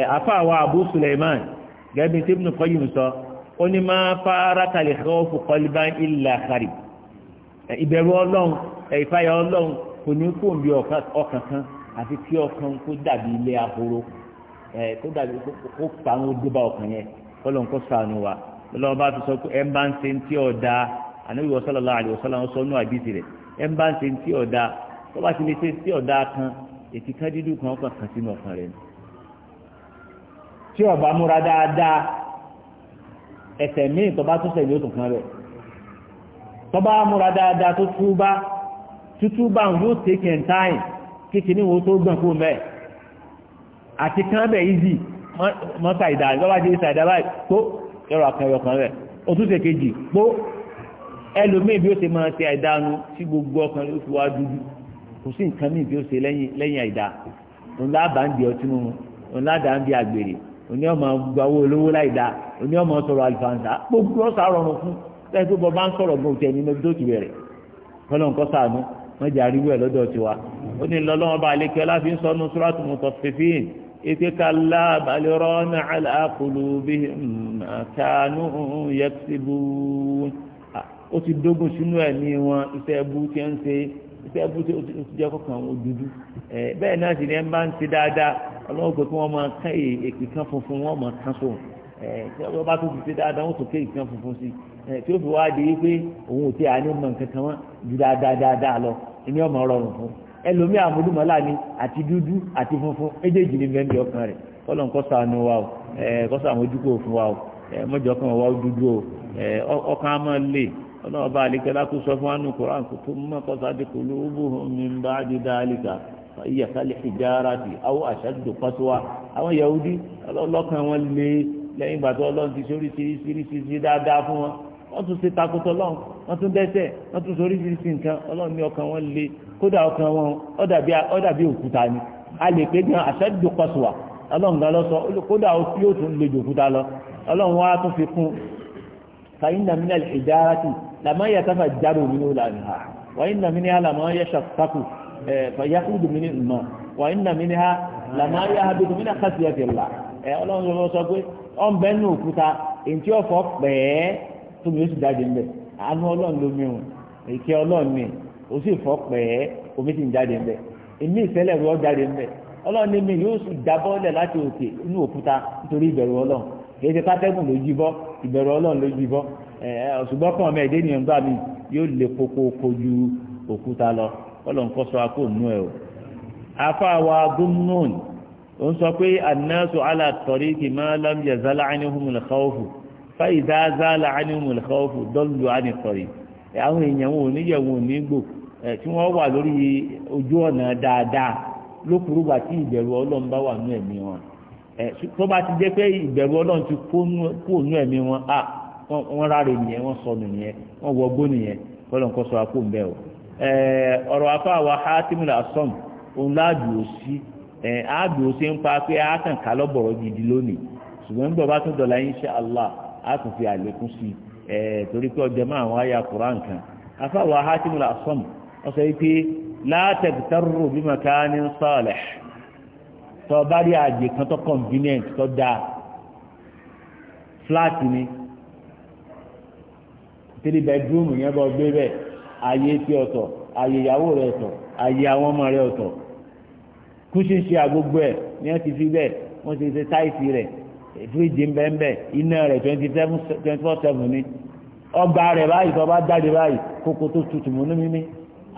afáwa abu suleiman gẹ́gẹ́ bí Ibn Qayyim sọ ó ní máa fara kalẹ̀ khawfu qalban illa kari ìbẹ̀rù ọlọ́run ìfàyà ọlọ́run kò ní kó bí ọkàn kan àti kí ọkàn kó dàbí ilé ahoro kó dàbí kó pa àwọn odóbá ọkàn yẹn kọ́lọ̀ ń kó sànù wa lọ́wọ́ bá ti sọ pé ẹ̀ ń bá ń ṣe tí ọ̀ da ànábì sallallahu alaihi wasallam sọ nù àdìsí rẹ̀ ẹ̀ ń bá ń ṣe tí ọ̀ da tó bá ti lè ṣe tí ọ̀ da kan ètí kan dídú kan ọkàn kan sínú ọkàn rẹ̀ ni tí ọba múra dáadáa ẹ̀ṣẹ̀ míì tọba tó ṣẹ̀ ní òtún kan rẹ̀ tọba múra dáadáa tó túbá tútúbá yóò take in time kíkiní wo tó gbọ̀n fún mẹ́ẹ̀ àti kan bẹ̀ easy mọ́ta ìdá lọ́wọ́ àti ìsà ìdá báyìí tó ẹ̀rọ àkànyọ̀ kan rẹ̀ ó tún ṣe kejì pó ẹlòmíì bí ó ṣe máa ṣe àìdánu tí gbogbo ọkàn ló fi wá dúdú kò sí nǹkan míì bí ó ṣe lẹ́yìn àìdá òun lábàá ń di ọtí mímu òun ládàá ń di àgbèrè oní ọmọ gbawó olówó láì dáa oní ọmọ sọ̀rọ̀ àlùfáàǹsà gbogbo ọ̀sà rọrùn fún lẹ́yìn tó bọ́ bá ń sọ̀rọ̀ gbọ́n tẹ̀ nínú tó ti bẹ̀rẹ̀ kọ́lọ́n kọ́ sànú wọ́n jẹ́ àríwú ẹ̀ lọ́dọ̀ tiwa ó ní lọ́lọ́wọ́ bá alẹ́kẹ́ láfi ń sọnù sọ́ràtù mutaffifin ètè kàlá balẹ̀rọ́nà ala qulubihim ma kanu yaksibun ó ti dógùn sínú ẹ̀mí wọn iṣẹ́ ẹbú tí ń ṣe iṣẹ́ ẹbú tó ti jẹ́ kọ́kàn wọn dúdú bẹ́ẹ̀ náà sì ni ẹ máa ń ṣe dáadáa ọlọ́run pé kí wọ́n máa kán e, èkì kan funfun wọ́n máa kán sóun tí wọ́n bá tó ti ṣe dáadáa wọ́n tó ké èkì kan funfun sí tí ó fi wá di wípé òun ò tí a ní mọ nǹkan kan wọn ju dáadáa dáadáa lọ ẹni ọmọ rọrùn fún ẹlòmí àmúlùmọ́lá ni àti dúdú àti funfun méjèèjì ni bẹ́ẹ̀ ní ọkàn rẹ̀ kọ́lọ̀ ń kọ́sà ọkàn á máa ọlọ́wọ́ bá àlekẹ́ lákú sọ fún wánú koran kò tó mọ́ kọ́sáde kò ló bù mí bá di dáálíkà ìyá kálí ìjára ti àwọn àṣàjò pàṣẹwà àwọn yahudi ọlọ́kàn wọn lé lẹ́yìn ìgbà tó ọlọ́run ti sórí sírísírísí dáadáa fún wọn wọ́n tún ṣe takotọ́ lọ́n wọ́n tún dẹ́sẹ̀ wọ́n tún sórí sírísí nǹkan ọlọ́run ní ọkàn wọn lé kódà ọkàn wọn ọ̀dàbí òkúta ni a lè pé gan àṣàjò pàṣẹwà ọlọ́run gan lọ sọ kódà yóò tún lè jòkúta lọ ọlọ́run wa tún fi kún fàyínà mílẹ̀ ìjára ti لما يتفجر منه الأنهار وإن منها لما يشقق فيخرج من الماء وإن منها لما يهبط من خشية الله ọlọ́run ló sọ pé ọ̀n bẹ́ẹ̀ ní òkúta èyí ọ̀fọ̀ pẹ́ẹ́ tó mi ó sì jáde ńbẹ̀ àánú ọlọ́run ló mìíràn èké ṣùgbọ́n kàn mẹ́ ẹ̀dẹ́ ènìyàn gbà mí yóò lè koko kojú òkúta lọ kọ́lọ̀ ń kọ́ sọ akó nù ẹ̀ o. afáwa gómìnà ó ń sọ pé anáṣọ alàtọ̀rí kì máa lam yazala anihumul khawfu fáyidá zala anihumul khawfu dọ́lù anìtọ̀rí àwọn èèyàn wọn ò ní yẹ wọn ò ní gbò tí wọ́n wà lórí ojú ọ̀nà dáadáa lókùrúgbà tí ìbẹ̀rù ọlọ́run bá wà nú ẹ̀mí wọn tó bá ti jẹ́ pé ìbẹ̀rù ọlọ́run ti kó nú ẹ̀mí wọn wọ́n ráre nìyẹn wọ́n sọ nìyẹn wọ́n wọ nìyẹn kọ́lọ́n sọ àpò ńbẹ́ o. ọ̀rọ̀ afọ àwa ha lasom òun láàdù òsì àádù òsì ń pa pé àákàn lọ́bọ̀rọ̀ gidi lónìí ṣùgbọ́n bá Allah á tún fi àlékún sí three bedroom yẹn bọ́ gbé bẹ́ẹ̀ ààyè tí ọ̀tọ̀ ààyè ìyàwó rẹ̀ ọ̀tọ̀ ààyè àwọn ọmọ rẹ̀ ọ̀tọ̀ kúṣinṣin àgbogbo ẹ̀ ni wọ́n ti fi bẹ́ẹ̀ wọ́n ti ṣe táìsì rẹ̀ fíríjì ń bẹ́ẹ̀ bẹ́ẹ̀ iná rẹ̀ twenty seven twenty four seven ni ọgbà rẹ̀ báyìí tó bá jáde báyìí kókó tó tutù mú mímí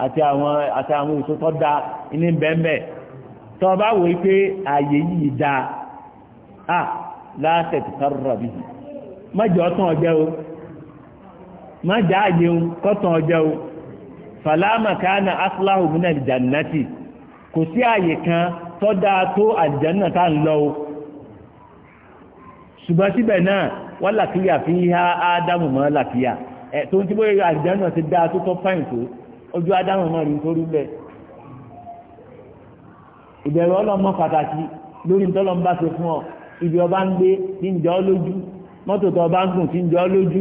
àti àwọn àti àwọn èso tó da iná bẹ́ẹ̀ bẹ́ẹ̀ tó bá wò ó pé ààyè yìí da a láṣẹ̀ tó kárọ̀ bíi mọ́jọ́ tán ọjọ́ o má jáàjẹ o kọ́tàn ọjà o fàlámà kánà asláhù mínà ìjànàtì kò sí àyè kan tó dáa tó àjànà tá ń lọ o ṣùgbọ́n síbẹ̀ náà wọ́n làkìyà fi há ádámù mọ́ làkìyà ẹ̀ tó ń tí bóyá àjànà ti dáa tó tọ́ fáìn tó ojú ádámù mọ́ rí nítorí bẹ́ẹ̀ ìbẹ̀rù ọlọ́mọ pàtàkì lórí ntọ́lọ́mbà ṣe fún ọ ibi ọba ń gbé tí ń jọ lójú mọ́tò tó ọba ń gùn tí ń jọ lójú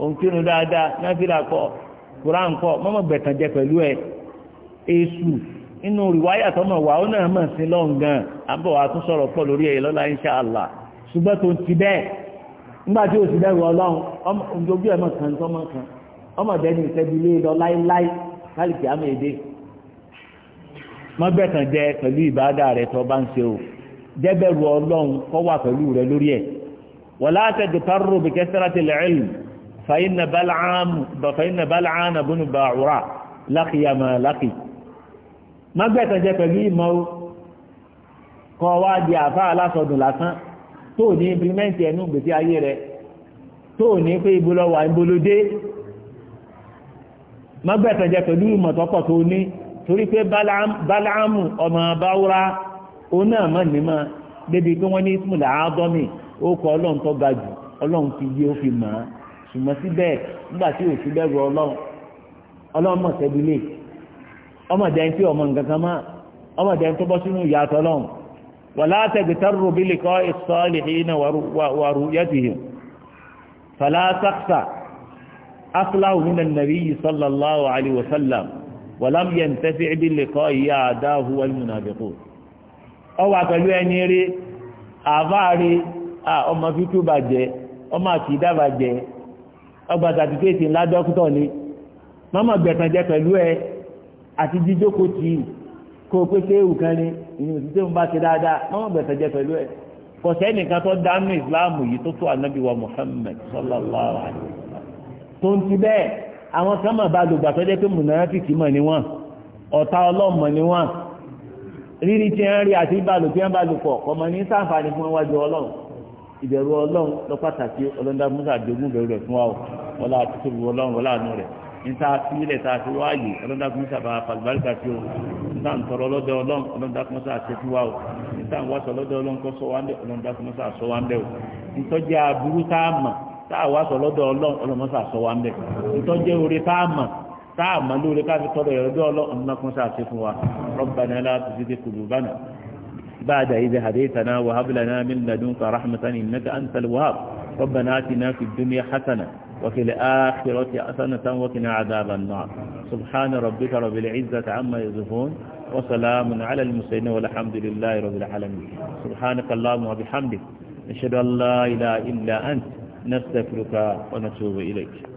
òǹkírun dáadáa náfìlà pọ̀ kuran pọ̀ mọ́mọ́ gbẹ̀tàn jẹ pẹ̀lú ẹ èṣù inú rìwáyà tọmọ wà ó náà mọ sí lọ́ngàn àbọ̀ wà tún sọ̀rọ̀ pọ̀ lórí ẹ̀ lọ́la insha Allah ṣùgbọ́n tó ti bẹ́ẹ̀ nígbà tí ó ti bẹ́ẹ̀ ọlọ́run ojú ẹ̀ mọ̀ kan tọ́mọ kan ọmọdé ní ìṣẹ́bi lé lọ láíláí kálíkì àmì èdè mọ́gbẹ̀tàn jẹ pẹ̀lú ìbáadà rẹ̀ tó bá ń ṣe o jẹ́bẹ̀rù ọlọ́run kọ́ wà pẹ̀lú rẹ̀ lórí ẹ̀ wọ́lá فإن بلعام فإن بلعام بن باعوراء لقي ما لقي ما gbẹ̀tẹ̀ jẹ pẹ̀lú ìmọ̀ o kọ wá di àfá alásọdùn lásán tó ní implimenti ẹnu gbèsè ayé rẹ tó ní pé ibolọwà ibolodé ma gbẹ̀tẹ̀ jẹ pẹ̀lú ìmọ̀ tọ́pọ̀ tó ní torí pé bálàmù ọmọ ọlọ́run ti yé ó fi mọ̀ ṣùgbọ́n síbẹ̀ nígbà tí ò sí bẹ̀rù ọlọ́run ọlọ́run mọ̀ sẹ́bi lè ọmọdé ẹni tí ọmọ nǹkan kan máa ọmọdé ẹni tó bọ́ sínú ìyá àtọ́lọ́run wàlá tẹ̀gìtàrù bí lè kọ́ ìsọ́ọ̀lì ìhìnà wàrú yẹ́tìhìn fàlá tàkṣà afláhù nínú nàbí yìí sallallahu alayhi wa sallam wàlá yẹn tẹ́fì bí lè kọ́ ìyá àdáhù wal munafiqun ọwà pẹ̀lú ẹni rí àbáàrí ọmọ fíkú bàjẹ́ ọmọ àti ìdá ọgbà sàtìkéètì ńlá dókítọ̀ ni mọ́mọ́ gbẹ̀tàn jẹ pẹ̀lú ẹ àti jíjókòó tì í kó o pé séwù kan ni ìyẹn òtítí òun bá ti dáadáa mọ́mọ́ gbẹ̀tàn jẹ pẹ̀lú ẹ kò sẹ́nìkan tó dánú ìsìláàmù yìí tó tó ànábì wa Muhammad sallallahu alayhi wa sallam tó ń ti bẹ́ẹ̀ àwọn kan mà bá lògbà tó jẹ́ pé mùnàfíkì mọ̀ ni wọ́n ọ̀tá ọlọ́mọ ni wọ́n rírí tí ń rí àti ìbálò tí ń bá lò pọ̀ kọ́mọ ní sáǹfààní fún wájú ọlọ́run ìbẹ̀rù ọlọ́run lọ́pàtàkì ọlọ́dà musa àdógún bẹ̀rù rẹ̀ fún wa o wọlá àtúntò wọlọ́run wọlá àánú rẹ̀ níta sílẹ̀ tá a fi wáàyè ọlọ́dàkùn sábà pàlùbáríkà tí o níta ń tọrọ lọ́dọ̀ ọlọ́run ọlọ́dàkùn sáà ṣe fún wa o níta ń wáṣọ lọ́dọ̀ ọlọ́run kọ́ sọ wá ń bẹ̀ ọlọ́dàkùn sáà sọ wá ń bẹ̀ o nítọ́jú aburú tá a mọ̀ tá a wáṣọ lọ́dọ̀ ọlọ́run ọlọ́run sáà sọ wá ń bẹ̀ nítọ́jú oore tá a mọ̀ tá a mọ̀ lóore ká fi tọrọ ẹ̀rọ́dọ̀ ọlọ́run ọlọ́dàkùn ربنا لا تزغ قلوبنا بعد إذ هديتنا وهب لنا من لدنك رحمة إنك أنت الوهاب ربنا آتنا في الدنيا حسنة وفي الآخرة حسنة وقنا عذاب النار سبحان ربك رب العزة عما يصفون وسلام على المرسلين والحمد لله رب العالمين سبحانك اللهم وبحمدك نشهد أن لا إله إلا أنت نستغفرك ونتوب إليك